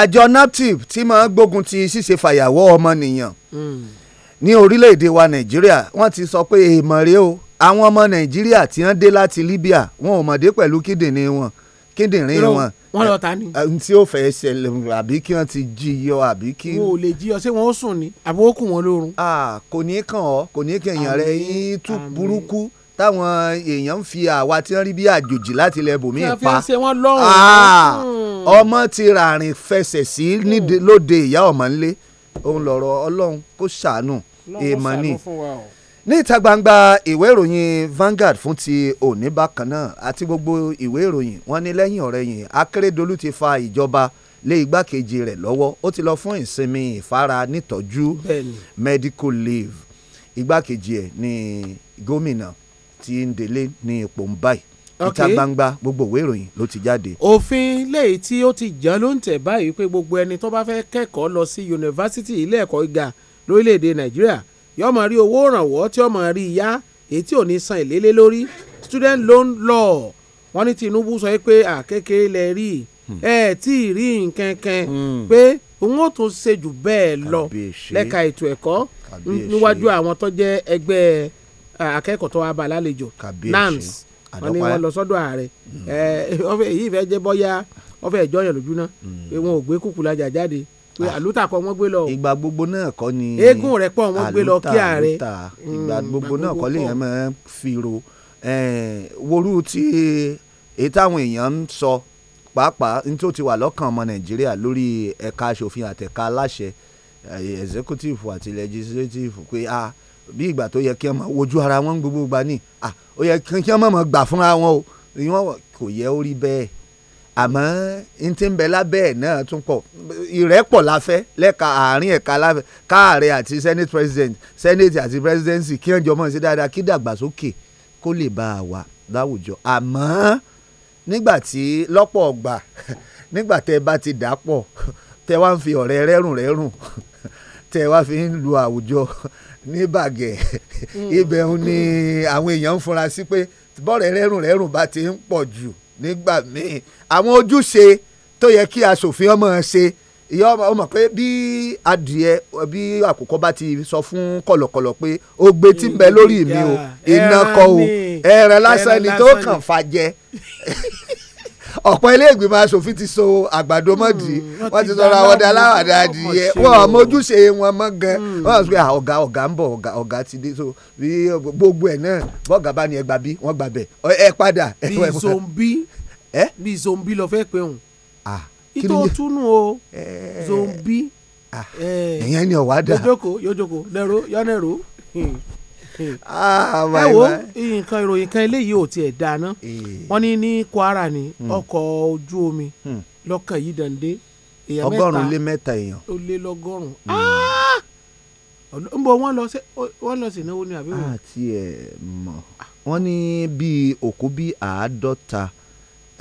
àjọ naptip tí máa ń gbógun ti ṣíṣe fàyàwọ́ ọmọnìyàn ní orílẹ̀-èdè wa nàìjíríà wọ́n ti sọ pé èèmọ̀ rèé o àwọn ọmọ nàìjíríà tí wọ́n dé láti libya wọn ò mọ̀dé pẹ̀lú kíndìnrín wọn kíndìnrín wọn wọ́n lọ ta ni. n tí ó fẹ́ ṣẹlẹ̀ àbí kí wọ́n ti jí yọ àbí kí. wọn ò lè jí ọ ṣé wọn ó sùn ni àbí ó kù wọn lóorun. kò ní kàn ọ́ kò ní kàn èèyàn rẹ̀ yín tú burúkú táwọn èèyàn ń fi àwa tí wọ́n rí bí àjòjì láti ilẹ̀ bòmí pa. kí wọ́n fi ṣe wọ́n lọ́rùn. Hmm. ọmọ ti ràrìn fẹsẹ̀ sí hmm. lóde ìyá ọmọ ńlé òun lọ̀rọ̀ ọlọ́run kó ṣàánú èèmọ̀ ni. ọlọ́run kó ṣàánú fún wa o ní ìta gbangba ìwé ìròyìn Vanguard fún ti òní bákan náà àti gbogbo ìwé ìròyìn wọn ní lẹ́yìn ọ̀rẹ́yìn Akérèdọ́lù ti fa ìjọba lé igbákejì rẹ̀ lọ́wọ́ ó ti lọ fún ìsinmi ìfara nítọ́jú medical leave igbákejì ẹ̀ ní gómìnà tí ń délé ní ipò ń báyìí ìta gbangba gbogbo ìwé ìròyìn ló ti jáde. òfin léyìí tí ó ti jẹ́ ló ń tẹ̀ báyìí pé gbogbo ẹni tó bá fẹ́ kẹ́kọ̀ọ́ lọ sí yunifásitì ilé ẹ̀kọ́ gíga yóò máa rí owó òrànwọ́ tí yóò máa rí yá èyí ò ní san ìlélẹ́ lórí student loan law wọ́n ní Tinubu sọ pé àkékeré lẹ rí hmm. ẹ tí ì rí nǹkan kan hmm. pé òun ó tún ṣe jù bẹ́ẹ̀ lọ lẹ́ka ètò ẹ̀kọ́ níwájú àwọn tó jẹ́ ẹgbẹ́ akẹ́kọ̀ọ́ tó wá bá lálejò NANS wọ́n ní wọ́n lọ sọ́dọ̀ ààrẹ hmm. èyí ìfẹ́ jẹ́ bọ́yá wọ́n fẹ́ jọyàn lójú náà pé wọn ò gbé kúkú lajà jáde pé ah. àlùtà kọ́ wọ́n gbé lọ. ìgbà gbogbo náà kọ́ ni eégún rẹ̀ pọ̀ wọ́n gbé lọ kí ààrẹ. àlùtà ìgbà hmm. gbogbo náà kọ́ lèèyàn máa ń fi ro worú tí èyí táwọn èèyàn ń sọ pàápàá ní tó ti wà lọ́kàn ọmọ nàìjíríà lórí ẹ̀ka aṣòfin àtẹ̀ka aláṣẹ eh, executive àti legislative pé ah bí ìgbà tó yẹ kí wọn máa wojú ara wọn gbogbo gbà ní ah ó yẹ kí wọn máa gbà fúnra wọn o ìwọ̀n kò yẹ ó rí bẹ́ẹ̀ àmọ́ n ti ń bẹ lábẹ́ ẹ̀ náà tún pọ̀ ìrẹ́pọ̀ la fẹ́ lẹ́ka àárín ẹ̀ka láfẹ́ káàrẹ̀ àti senate president senate àti presidency kí ẹ̀jọ̀ mọ̀ sí dáadáa kí dàgbàsókè kó lè bá a wà láwùjọ àmọ́ nígbà tí lọ́pọ̀ ọgbà nígbà tẹ́ bá ti dà pọ̀ tẹ́ wá ń fi ọ̀rẹ́ rẹ́rùn rẹ́rùn tẹ́ wá fi ń lu àwùjọ ní bàgẹ́ mm. ibẹ̀ ń ní àwọn èèyàn ń fura sí pé bọ́ọ̀rẹ́ rẹ́rùn rẹ́rùn bá ti ń pọ̀ jù nígbà míì àwọn ojúṣe tó yẹ kí asòfin ọmọ ṣe ìyá ọmọ pé bí adìẹ bí àkókò bá ti sọ fún kọ̀lọ̀kọ̀lọ̀ pé ó gbé tí ń bẹ lórí mi o iná kọ o ẹran lásán ni tó kàn fa jẹ ọ̀pọ̀ ilé ìgbìmọ̀ asòfin ti so àgbàdo mọ́dì hmm, wọ́n ti sọ̀rọ̀ àwọn aláwàdà adìyẹ wọ́n mójúṣe wọn mọ́ gan hmm. wọ́n sọ pé ah, ọ̀gá ọ̀gá ń bọ̀ ọ̀gá ọ̀gá ti dé so bí gbogbo ẹ̀ náà bọ́ọ̀gá bá ní ẹgbàá bí wọ́n gbàbẹ̀ ẹ padà. bí zombi ẹ. bí zombi lọ fẹ́ pé òun. ah tunu ìtò túnú o zombi. ẹ̀yàn ni ọ̀wá dà. Lero, yójoko nẹ̀rọ yọ́nẹ̀rọ. ẹ wo nǹkan ìròyìn kan eléyìí ò tiẹ̀ dáná wọ́n ní ní Kwara ni hmm. ọkọ̀ ojú omi hmm. lọ́kàn yìí dande èèyàn mẹ́ta ọgọ́rùn-ún lé mẹ́ta èèyàn ó lé lọ́gọ́rùn-ún hmm. ah! bọ wọn lọ sí wọ́n lọ sí náwó ni àbí wọ́n. àti ẹ̀ wọ́n ní bíi òkú bíi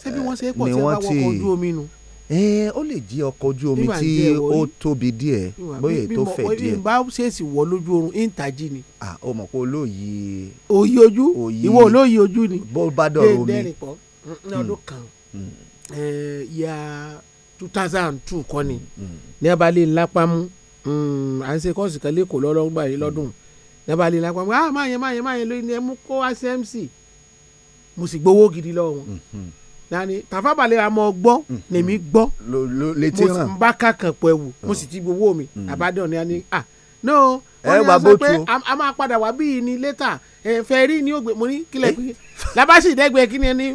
ṣé bí wọ́n ṣe pọ̀ tí ẹ bá wọkọ̀ ojú omi nu. ó lè jí ọkọ̀ ojú omi tí ó tóbi díẹ̀ bóyá tó fẹ̀ díẹ̀. bí mo bá ṣèṣì wọ lójú oorun ìntàjì ni. ó mọ̀ pé olóyè. òye ojú ìwọ olóyè ojú ni. bó bá dọ̀rọ̀ omi. dẹ́rìn hmm. hmm. ya two thousand two kọ́ ni hmm. ní abalẹ̀ ńlápámú à ń ṣe kọ́ọ̀sì kan lẹ́kọ̀ọ́ lọ́lọ́gbà yìí lọ́dún ní abalẹ̀ ńlápámú ah máa yẹn máa yẹn máa yẹn lóyún ẹ mú kó acmc mo sì gbowó gidi lọ́wọ́ yanni Tafa Balewa mọ gbọ́ mm, mm. lèmi gbọ́ mo sì bá kankan pọ̀ ẹ̀wù mo sì oh. ti gbowó mi mm. àbádọ́ni yanni ah no ẹ wà bó tu o a máa padà wá bíi ní lẹ́tà ẹ fẹ́ rí ní ògbé mo ní kílẹ̀ pé eh? labasi dẹ́gbẹ́ kí ni ẹni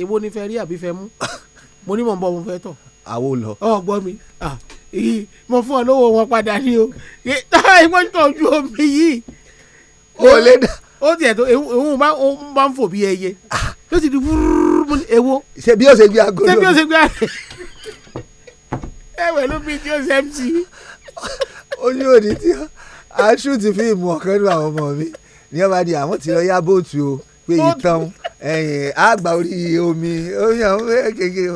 èwo ni fẹ́ rí àbí fẹ́ mú mo ní mọ̀ ń bọ̀ mo fẹ́ tọ̀. àwo lọ. ọ gbọ́ mi mo fún ọ lówó wọn padà ní o ìwọ́n tó ojú omi yìí. o lè dá ó tiẹ̀ tó òun bá òun bá ń fò bí ẹyẹ ló ah. ti di wúrúrú ewo. ṣe bí ó ṣe gbé agolo ṣe bí ó ṣe gbé agolo ẹwẹ ló bí jọ mc. ó ní òní tí aṣú ti fi ìmú ọ̀kan nínú àwọn ọmọ mi ní ọba di àwọn tí lọ́ọ́ yá bóòtù o pé ìtàn ẹ̀yìn àgbà orí omi omi àwọn kékeré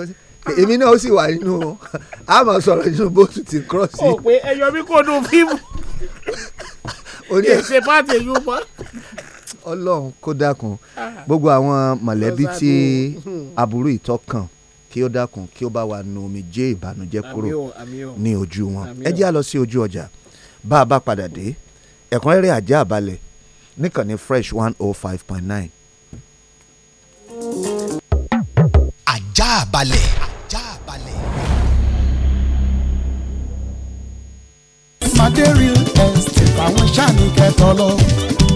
èmi náà ó sì wà nínú àmọ́ sọ̀rọ̀ nínú bóòtù ti kírọ́ọ̀sì. ó pé ẹyọ mi kò dùn fíìmù. o ní ẹ ṣe pàtẹ yóò mọ ọlọ́run kó dákun ah. gbogbo àwọn mọ̀lẹ́bí tí hmm. aburú ìtọ́kàn kí ó dákun kí ó bá wa nu omijé ìbànújẹ́ kúrò ní ojú wọn ẹ jẹ́ a lọ sí ojú ọjà bá a bá padà dé ẹ̀kúnrẹ́rẹ́ àjẹ́ àbálẹ̀ níkànnì fresh one oh five point nine. àjà àbálẹ̀. Material àbálẹ̀. I wish I could sáà ní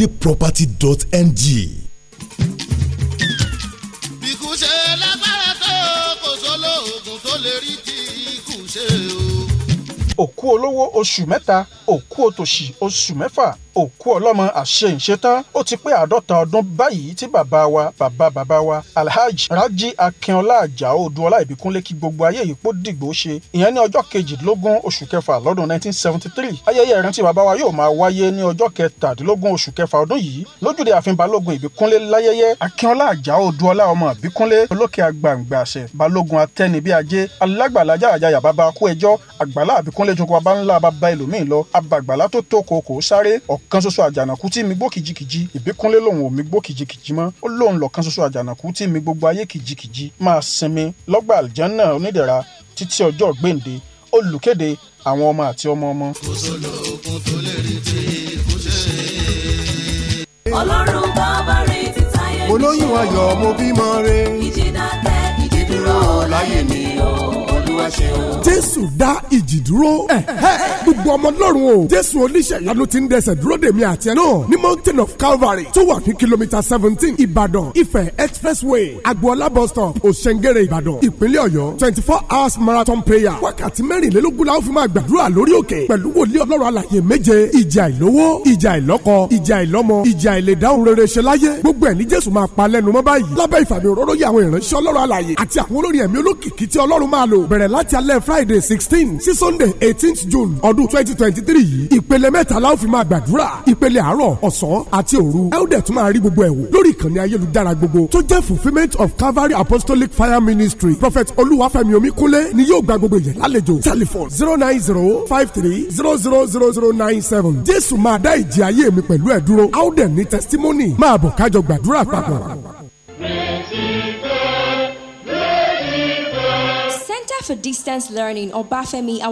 adeproperty.ng. ikú ṣe lágbára tó kò sólò oògùn tó lè rí ti ikú o. òkú olówó oṣù mẹ́ta òkú òtòṣì oṣù mẹ́fà òkú ọlọ́mọ àṣeyìnṣe tán ó ti pé àádọ́ta ọdún báyìí tí bàbá wa bàbá bàbá wa alhaji raji akínọlá àjàó odúọlá ìbíkúnlé kí gbogbo ayé yìí pó dìgbò ṣe ìyẹn ní ọjọ́ kejìdínlógún oṣù kẹfà lọ́dún 1973 ayẹyẹ ìrántí bàbá wa yóò máa wáyé ní ọjọ́ kẹtàdínlógún oṣù kẹfà ọdún yìí lójúde ààfin balógun ìbíkúnlé láyẹyẹ akínọlá àjàó odúọlá ọmọ ìbíkúnlé olókè àgbàǹgbà àṣẹ balógun atẹnibí ajé alágbàlájà àjàyà bàbá kú ẹjọ́ àgbàlá àbíkúnlé jùkọ bàbá ńlá bàbá ẹlòmíì lọ abàgbàlá tó tó kòkó sáré ọ̀k kan ṣoṣo àjànàkú tí mi gbó kìjikìji ìbíkúnlé lòun ò mi gbó kìjikìji mọ́ ó lóun lọ̀kan ṣoṣo àjànàkú tí mi gbogbo ayé kìjikìji máa sinmi lọ́gbà àlìjánná onídẹ̀ra títí ọjọ́ gbèǹde olùkéde àwọn ọmọ àti ọmọ ọmọ. kò sólò rí ti táyé olóyún ayọ̀ mo bímọ re. ìjì dákẹ́ ìjì dúró láyé mi o olúwa ṣe o. jésù dá ìjì dúró. gbogbo ọmọ ọlọ́run o jésù oníṣẹ́ ìyanu ti ń dẹsẹ̀ dúró dèmi àti ẹ̀ náà ní mountain of calvary tó wà ní kìlómítà seventeen ìbàdàn ifẹ̀ expressway agboola bus stop òṣèǹgẹ̀rẹ̀ ìbàdàn ìpínlẹ̀ ọ̀yọ́ twenty four hours marathon prayer wákàtí mẹ́rìnlélógún la ó fi máa gbàdúrà lórí òkè pẹ̀lú wòlíì ọlọ́run alàyè méje ìjà ìlówó ìjà ìlọ́kọ ìjà ìlọ́mọ ìjà ìlẹ̀dáhùn rere ṣe láyé gbogbo ẹ̀ ní jésù máa pa lẹ́nu mọ́ báyìí lábẹ́ ìfàmì òróró yẹ àwọn ìránṣẹ́ ọlọ́run alàyè àti àwọn olórin ẹ̀mí olókìkí tí ọlọ́run máa lò bẹ̀rẹ̀ bẹ̀rẹ̀ láti alẹ́ friday sixteen sí sunday eighteenth june ọdún twenty twenty three yìí ìpele mẹ́ta la ó fi máa gbàdúrà ìpele àárọ̀ ọ̀sán àti òru ẹ ó dẹ̀ tún máa rí gbogbo ẹ̀ wò lórí ìkànnì ayélujára gbogbo tó jẹ́ fulfilment of calvary apostolic fire ministry prophet olúwàfẹ́mi omíkúnlé ni yóò gba gbogbo ìyẹn lálejò telephone zero nine zero five three zero zero zero zero nine seven jésù máa dá ìjì ayé mi pẹ̀lú ẹ̀ dúró ní testimony máa bọ̀ kájọ gbàdúrà papọ̀. for Distance Learning or BAFEMI at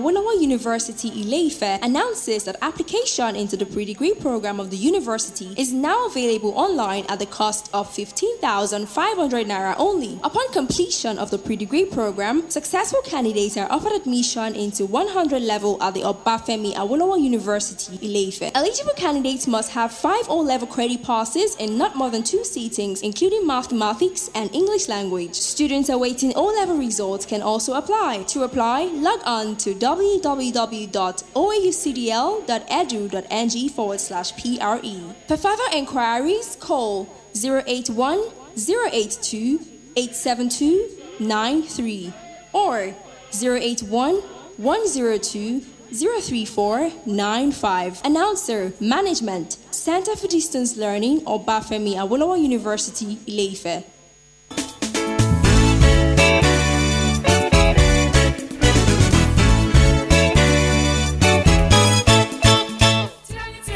University Ileife announces that application into the pre-degree program of the university is now available online at the cost of 15,500 naira only. Upon completion of the pre-degree program, successful candidates are offered admission into 100 level at the Obafemi Awolowo University Ileife. Eligible candidates must have 5 O-level credit passes in not more than 2 seatings including mathematics and English language. Students awaiting O-level results can also apply apply, to apply, log on to www.oaucdl.edu.ng forward slash PRE. For further enquiries, call 081 082 872 or 081 102 03495. Announcer, Management, Center for Distance Learning or Bafemi Awolowo University, Ileife.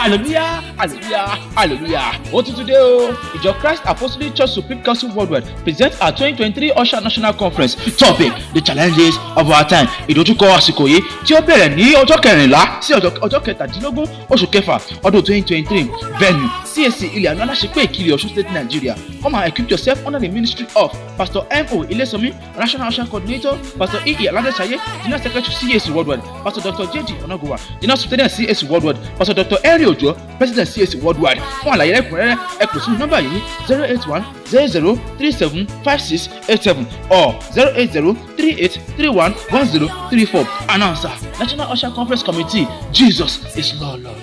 老人呀。hallelujah hallelujah ó tún ti dé o ìjọ christ apostolic church supreme council worldwide present our twenty twenty three usher national conference topic the challenges of our time ìdojúkọ àsìkò yìí tí ó bẹ̀rẹ̀ ní ọjọ́ kẹrìnlá sí ọjọ́ kẹtàdínlógún oṣù kẹfà ọdún twenty twenty three venue cac ilẹ̀ àná aláṣepé ìkiri ọ̀ṣun state nigeria come and equip yourself under the ministry of pastor mo ilesomi national usher coordinator pastor ee aladesaye general secretary cac worldwide pastor dr jd onagowa general superintendent cac worldwide pastor dr henry ojo president cac worldwide fún àlàyé lẹ́kùnrẹ́rẹ́ ẹ kò sínú nọ́mbà yìí zero eight one zero zero three seven five six eight seven or zero eight zero three eight three one one zero three four announcer national usher conference committee jesus is lord lord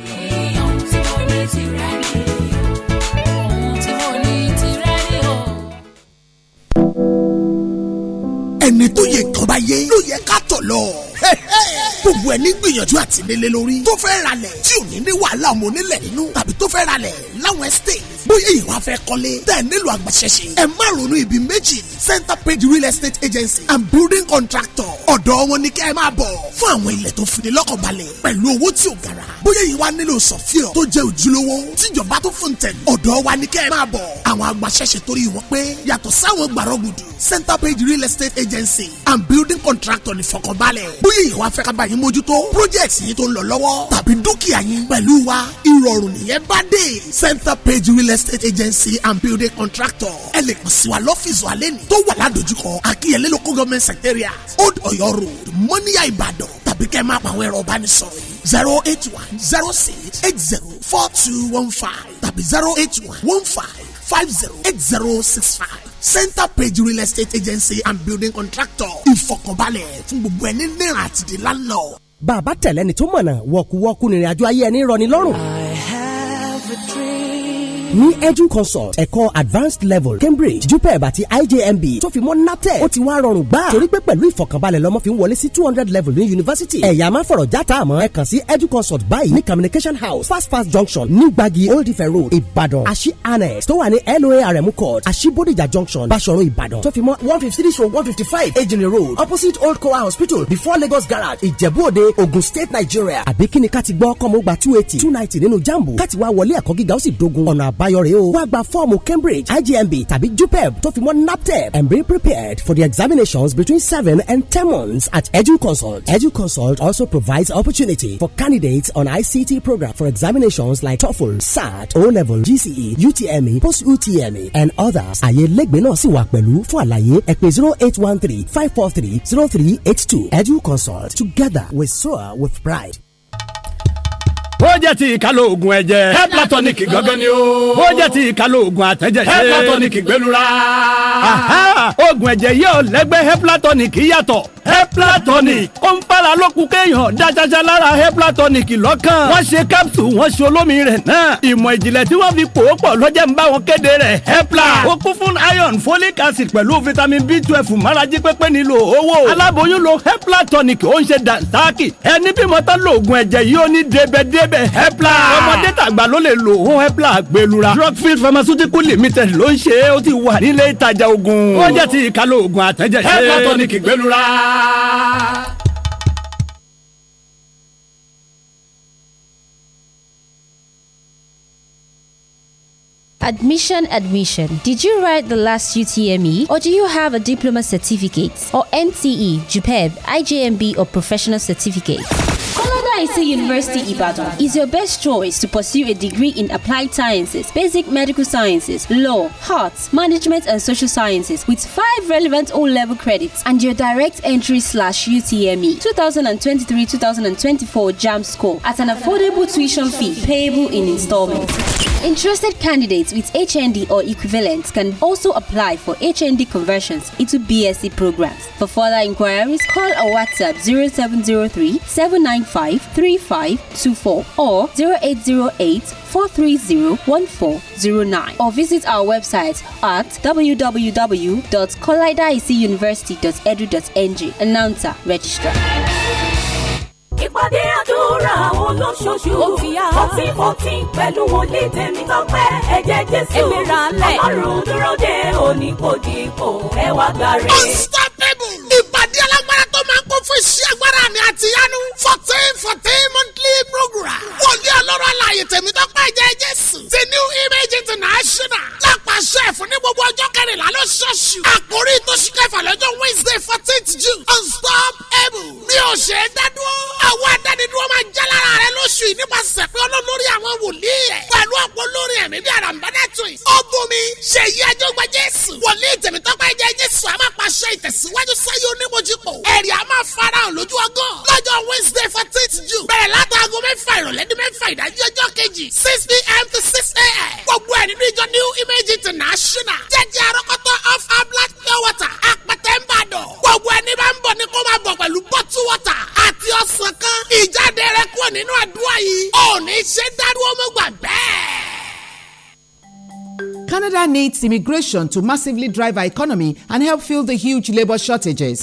ẹni tó yẹ kọba yé ló yẹ ká tọ̀ lọ gbogbo ẹni gbìyànjú àti nílé lórí tó fẹ́ ralẹ̀ tí ò ní ní wàhálà ọmọ onílẹ̀ nínú tàbí tó fẹ́ ralẹ̀ láwọn estate bóyá ìwà fẹ́ kọ́lé tẹ̀ nílò àgbàṣẹ́ṣe ẹ má ronú ibi méjì center page real estate agency and building contractor ọ̀dọ̀ wọn ni kẹ́ ẹ máa bọ̀ fún àwọn ilẹ̀ tó fi ní lọ́kàn pẹ̀lú owó tí ò gara bóyá ìwà nílò sọ̀fíọ̀ tó jẹ́ òjúlówó tíjọba tó fún tẹ̀ ọ̀dọ̀ wa ni kẹ́ ẹ máa bọ̀ àwọn àgbàṣẹ́ṣe torí wọn pé yàtọ̀ sáwọn gbàrọ̀gùdù center page real estate agency and building contractor ní fọkànbalẹ̀ b bóyá ìyàwó afẹ́kábá yín mójútó project yín tó ń lọ lọ́wọ́ tàbí dúkìá yín pẹ̀lú wa ìrọ̀rùn nìyẹn bá dé center page real estate agency and building contractor ẹ lè kàn sí wa lọ́fíìsì wa lẹ́nu tó wà ládojúkọ akínyẹlé local government secretariat old ọ̀yọ́ road mọ́níyà ìbàdàn tàbí kẹ́ máa pa àwọn ẹ̀rọ ìbánisọ̀rọ̀ yìí zero eight one zero six eight zero four two one five tàbí zero eight one one five five zero eight zero six five center page real estate agency and building contractor ìfọkànbalẹ̀ fún gbogbo ẹni náírà àti di landlord. bàbá tẹ̀lẹ́ni tó mọ̀nà wọ̀kúwọ́kú nìrìnàjò ayé ẹni rọ̀ ní lọ́rùn. I have a dream ní edu consult ẹ̀kọ́ advanced level cambridge jupeb àti ijmb tó fi mọ́ natec ó ti wá rọrùn gbà torí pé pẹ̀lú ìfọ̀kànbalẹ̀ lọ́mọ fi ń wọlé sí two hundred level ní university. ẹ̀yà máa fọ̀rọ̀ játa àmọ́ ẹ kàn sí edu consult báyìí ní communication house fast fast junction ní gbagi old ife road ìbàdàn àṣì annex tó wà ní loarm court àṣì Bodija junction basoro ìbàdàn tó fi mọ́ one fifty three stroke one fifty five ejinle road opposite old kowa hospital before lagos garage ìjẹ̀bú-òde ogun state nigeria àbí kíni ká ti gbọ́ kọ́mọ́gbà two eighty two ninety nínú jambu ká ti wá wọlé ẹ̀kọ́ gíga ó sì dogun ọ̀nà àb By o wá gba fọ́ọ̀mù cambridge igmb tàbí jupeb tó fi mọ́ naptep and be prepared for the examinations between seven and ten months at educonsult educonsult also provides opportunity for candidates on ict program for examinations like toefl sat o-level gce utme post-utme and others àyè lẹ́gbẹ̀ẹ́ náà sì wà pẹ̀lú fún àlàyé ẹ pè zero eight one three five four three eight two educonsult together with soar with pride. ó jẹ́ ti ìkálò oògùn ẹ̀jẹ̀. heplatonic gángan ni o. ó jẹ́ ti ìkálò oògùn àtẹ̀jẹ̀ ṣe. heplatonic gbẹlura. oògùn ẹ̀jẹ̀ yìí lẹ́gbẹ́ heplatonic yàtọ̀ heplatonic ó ń fara lókun kéèyàn dájájá lára heplatonic lọ́kàn wọ́n ṣe capsule wọ́n ṣe olómi rẹ̀ náà ìmọ̀ ìjìnlẹ̀ tí wọ́n fi pò ó pọ̀ lọ́jẹ́ ń bá wọn kéde rẹ̀ hepla ó kún fún iron folic acid pẹ̀lú vitamin b twelve márajì pépé nílò owó aláboyún lo heplatonic ó ń ṣe dànsáàkì ẹni bímọ tán lóògùn ẹ̀jẹ̀ yìí ó ní débẹ̀débẹ̀ hepla ọmọdé tàgbà ló lè lò ó hepla gbẹlura drugfield pharmaceutical limited ló ń ṣe é ó ti wà nílé ìtajà oògùn ó jẹ́ ti ìkàlò oògùn àtẹ̀jẹ̀ ṣe heplatonic gbẹlura. Admission, admission. Did you write the last UTME or do you have a diploma certificate or NTE, JUPEB, IJMB or professional certificate? FIC University Ibadan is your best choice to pursue a degree in applied sciences, basic medical sciences, law, arts, management and social sciences with five relevant O-level credits and your direct entry slash UTME 2023-2024 JAM score at an affordable tuition fee payable in installments. Interested candidates with HND or equivalents can also apply for HND conversions into BSc programs. For further inquiries, call our WhatsApp 0703 795 3524 or 0808 430 1409 or visit our website at www.collideicuniversity.edu.ng. Announcer register. ìpàdé àdúrà wọn lóṣooṣù. ó ti yá. fourteen fourteen pẹ̀lú wòlíì tèmi tọ́pẹ́ ẹ̀jẹ̀ jésù. ẹlẹ́ra alẹ́. ọlọ́run dúró de òní kò di ipò ẹ wá gbàre. unstoppable ìpàdé alágbára tó máa ń kó fún iṣẹ́ agbára mi àti ìyá fourteen fourteen monthly program. wòlíì ọlọ́run alààyè tèmi tó pẹ́ jẹ́ jésù. The new image international. lápàṣẹ ẹ̀fọ́ ní gbogbo ọjọ́ kẹrìnlá lóṣooṣù. àkórí tó ṣe kẹfà lọ́jọ́ wednesday fourteenth june. unstoppable. mi ò ṣe é dádúró. àwọn adánidúró máa jẹ́ lára rẹ lóṣù yìí nípasẹ̀ pé olólórí àwọn wòlíì ẹ̀. pẹ̀lú ọ̀pọ̀ olórí ẹ̀mí bí àràǹbádá tó yìí. ó bú mi ṣèyí ẹjọ́ gba jésù. wòlíì tèmi tó pẹ́ jẹ́ jésù. a máa pàṣẹ ìtẹ̀síwájú sáyé onímọ̀jìpọ̀. ẹ̀rí a máa farahàn lójú ọgọ́. lọ́jọ́ wednesday Tuesday fourteenth June bẹ̀rẹ̀ látàgọ mẹ́fà ìrọ̀lẹ́dí mẹ́fà ìdájí ọjọ́ kejì six pm to six am gbogbo ẹ̀ nínú ìjọ New Image International jẹ́jẹ́ àrọ́kọ́tọ̀ of our black pure water àpẹtẹ ń bàdàn gbogbo ẹni bá ń bọ̀ ni kó máa bọ̀ pẹ̀lú bottle water àti ọsàn kan ìjáde rẹ kúrò nínú àdúrà yìí ò ní ṣe dárúwọ́ mọ́ gbàgbẹ́. Canada needs immigration to massively drive our economy and help fill the huge labor shortages.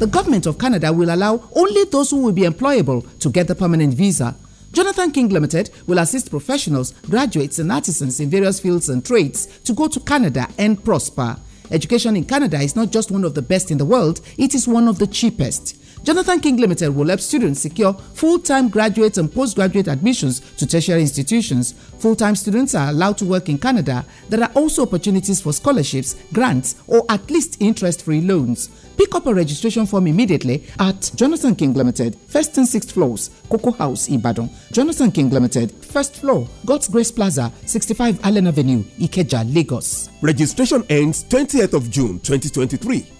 the government of Canada will allow only those who will be employable to get the permanent visa. Jonathan King Limited will assist professionals, graduates, and artisans in various fields and trades to go to Canada and prosper. Education in Canada is not just one of the best in the world, it is one of the cheapest. Jonathan King Limited will help students secure full-time graduate and postgraduate admissions to tertiary institutions. Full-time students are allowed to work in Canada. There are also opportunities for scholarships, grants, or at least interest-free loans. Pick up a registration form immediately at Jonathan King Limited, first and sixth floors, Coco House, Ibadan. Jonathan King Limited, first floor, God's Grace Plaza, 65 Allen Avenue, Ikeja, Lagos. Registration ends 20th of June 2023.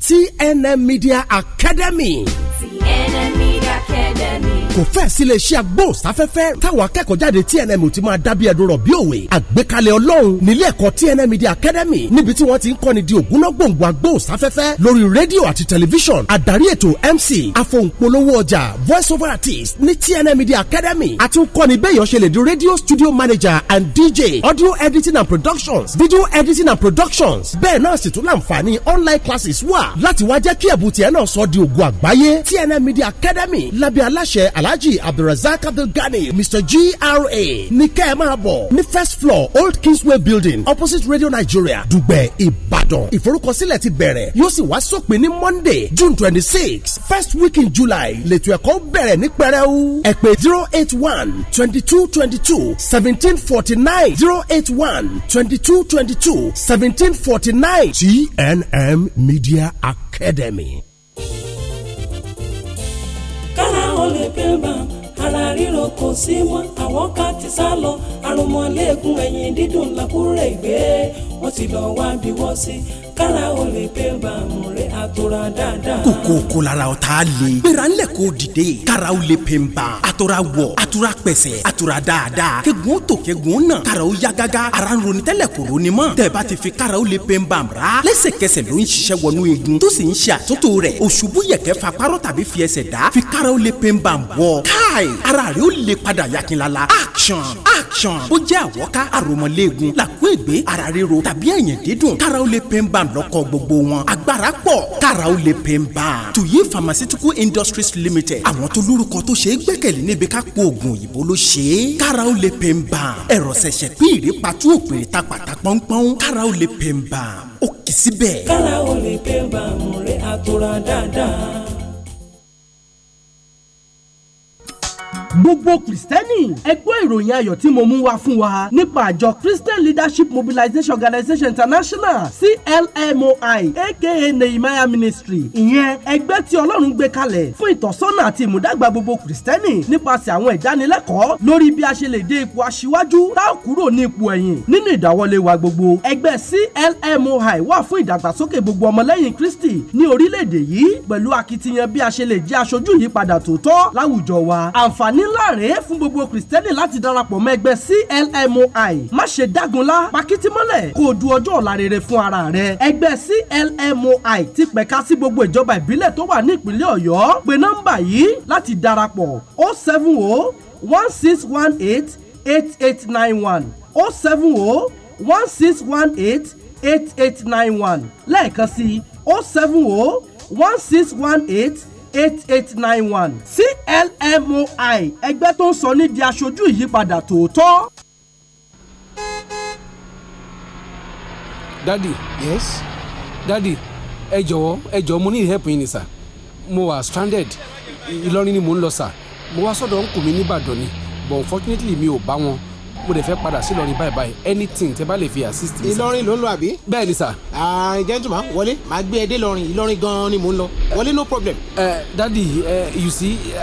TNM Media Academy. TNM Media Academy kò fẹ́ sílé iṣẹ́ agbóhùnsáfẹ́fẹ́ táwọn akẹ́kọ̀ọ́ jáde TNM ti máa dábí ẹ̀dùn rọ̀ bí òwe àgbékalẹ̀ ọlọ́run nílé ẹ̀kọ́ TNM Media Academy níbi tí wọ́n ti ń kọ́ni di ògúnnágbòǹgbò agbóhùnsáfẹ́fẹ́ lórí rédíò àti tẹlifíṣọ̀n àdarí ètò MC afohùnpolówó ọjà voice over artist ní TNM Media Academy àti ń kọ́ni bẹ́yọ̀ ṣe lè di radio studio manager and DJ audio editing and productions video editing and productions bẹ́ẹ̀ náà sì tún láǹfààní online classes wà wà láti wá jẹ́ kí ẹ̀bùn tiẹ̀ náà sọ di ògo àgbáyé TNM Media Academy lábẹ́ aláṣẹ alhaji abdulrasaq abdulgani Mr. GRA ní kẹ́ ẹ máa bọ̀ ní first floor old kingsway building opposite radio Nigeria dùgbẹ̀ Ìbàdàn ìforúkọsílẹ̀ ti bẹ̀rẹ̀ yóò sì wá sópin ní Monday June twenty six first week in July lẹ́tọ̀ ẹ̀kọ́ bẹ̀rẹ̀ ní pẹrẹu ẹ zero eight one twenty two twenty two seventeen forty nine zero eight one twenty two twenty two seventeen forty nine TNM Media Academy. kára ó lè ara ríro ti lọ ẹ̀yìn dídùn làkúrẹ́ ìgbé wọ́n ti lọ́ọ́ wá kára o lè pé bàmù rẹ̀ àtòrà dáadáa. kòkó kò lára o t'a le. gbéra ńlẹ̀ k'o dìde. kára o lè pè n ban. àtòrà wọ̀ àtòrà pẹ̀sẹ̀ àtòrà dáadáa. kẹ́gun tó kẹ́gun nà. kára ya gágá. ara ń ronú tẹ́lẹ̀ kò ronú mọ́. tẹ̀bá ti fi kára lè pè n ban ra. lẹ́sẹ̀kẹsẹ̀ ló ń ṣiṣẹ́ wọnú igun. tó sì ń ṣe àtúntò rẹ̀. òṣùbù yẹ̀kẹ́ fa párọ̀ tàbí fi ẹsẹ̀ dá. fi kára lè pè n ban bọ̀. káì ara rẹ̀ ó lè padà yakinlala. action action. ó jẹ́ àwọ̀ká àròmọ̀lẹ́gun làkún ìgbé ara ríro tàbí ẹ̀yìn dídùn. kára lè pè n ban lọ́kọ̀ gbogbo wọn agbára pọ̀ kára ó lè pè ń bá a. tuyi pharmaceutical industries limited àwọn tó lórúkọ tó ṣe é gbẹ́kẹ̀lé níbi ká po oògùn òyìnbó ló ṣe é kára ó lè pè ń bá a. ẹ̀rọ ṣẹ̀ṣẹ̀ pín ìrèpàtú òpèrè ta pàtà pọ́npọ́n kára ó lè pè ń bá a. ó kì í síbẹ̀. kára ó lè pè ń bá a mú rẹ̀ àtòrà dáadáa gbogbo kìrìsìtẹ́nì ẹgbẹ́ ìròyìn ayọ̀ tí mo mú wá fún wa nípa àjọ Christian Leadership Mobilization Organization International CLMOI aka Nehemiah Ministry ìyẹn ẹgbẹ́ tí Ọlọ́run gbé kalẹ̀ fún ìtọ́sọ́nà àti ìmúdàgbà gbogbo kìrìsìtẹ́nì nípasẹ̀ àwọn ìdánilẹ́kọ̀ọ́ lórí bí a ṣe lè dé ipò aṣíwájú tá a kúrò ní ipò ẹ̀yìn nínú ìdáwọlé wa gbogbo ẹgbẹ́ CLMOI wà fún ìdàgbàsókè gbogbo ọmọlẹ́yìn Kristi ní orílẹ̀-èdè yìí pẹ̀lú akitiyan bí a ṣe lè jẹ́ aṣojú yípadà tòótọ́ láwùjọ wa àǹfààní ńlá rèé fún gbogbo kìrìsìtẹ́nì láti darapọ̀ mọ́ ẹgbẹ́ CLMOI má ṣe dágunlá pakitimọ́lẹ̀ kó o du ọjọ́ ọ̀la rere fún ara rẹ ẹgbẹ́ CLMOI ti pẹ̀ka sí gbogbo ìjọba ìbílẹ̀ tó wà ní ìpínlẹ̀ Ọ̀yọ́ pé nọ́mbà yìí láti darapọ̀ 070 1618 8891 070 1618 8891 lẹ́ẹ̀kan sí 070 1618 eight eight nine one CLMOI ẹgbẹ́ tó ń sọ nídìí aṣojú ìyípadà tòótọ́. dadi yes dadi ẹ jọ̀wọ́ ẹ jọ̀wọ́ mo ní help yín ni sà mo wà stranded Ìlọrin ni mo ń lọ sà mo wá sọ́dọ̀ ń kù mí nìbàdàn ni but unfortunately mi ò bá wọn mo dẹ̀ fẹ́ padà sí Ìlọrin báyìí báyìí anything tẹ bá lè fi assist mi. Ìlọrin ló ń lọ àbí. bẹ́ẹ̀ ni sà. gentleman wọlé màá gbé ẹ dé Ìlọrin Ìlọrin gan-an ni mò ń lọ wọlé no problem. Uh, daddy uh, you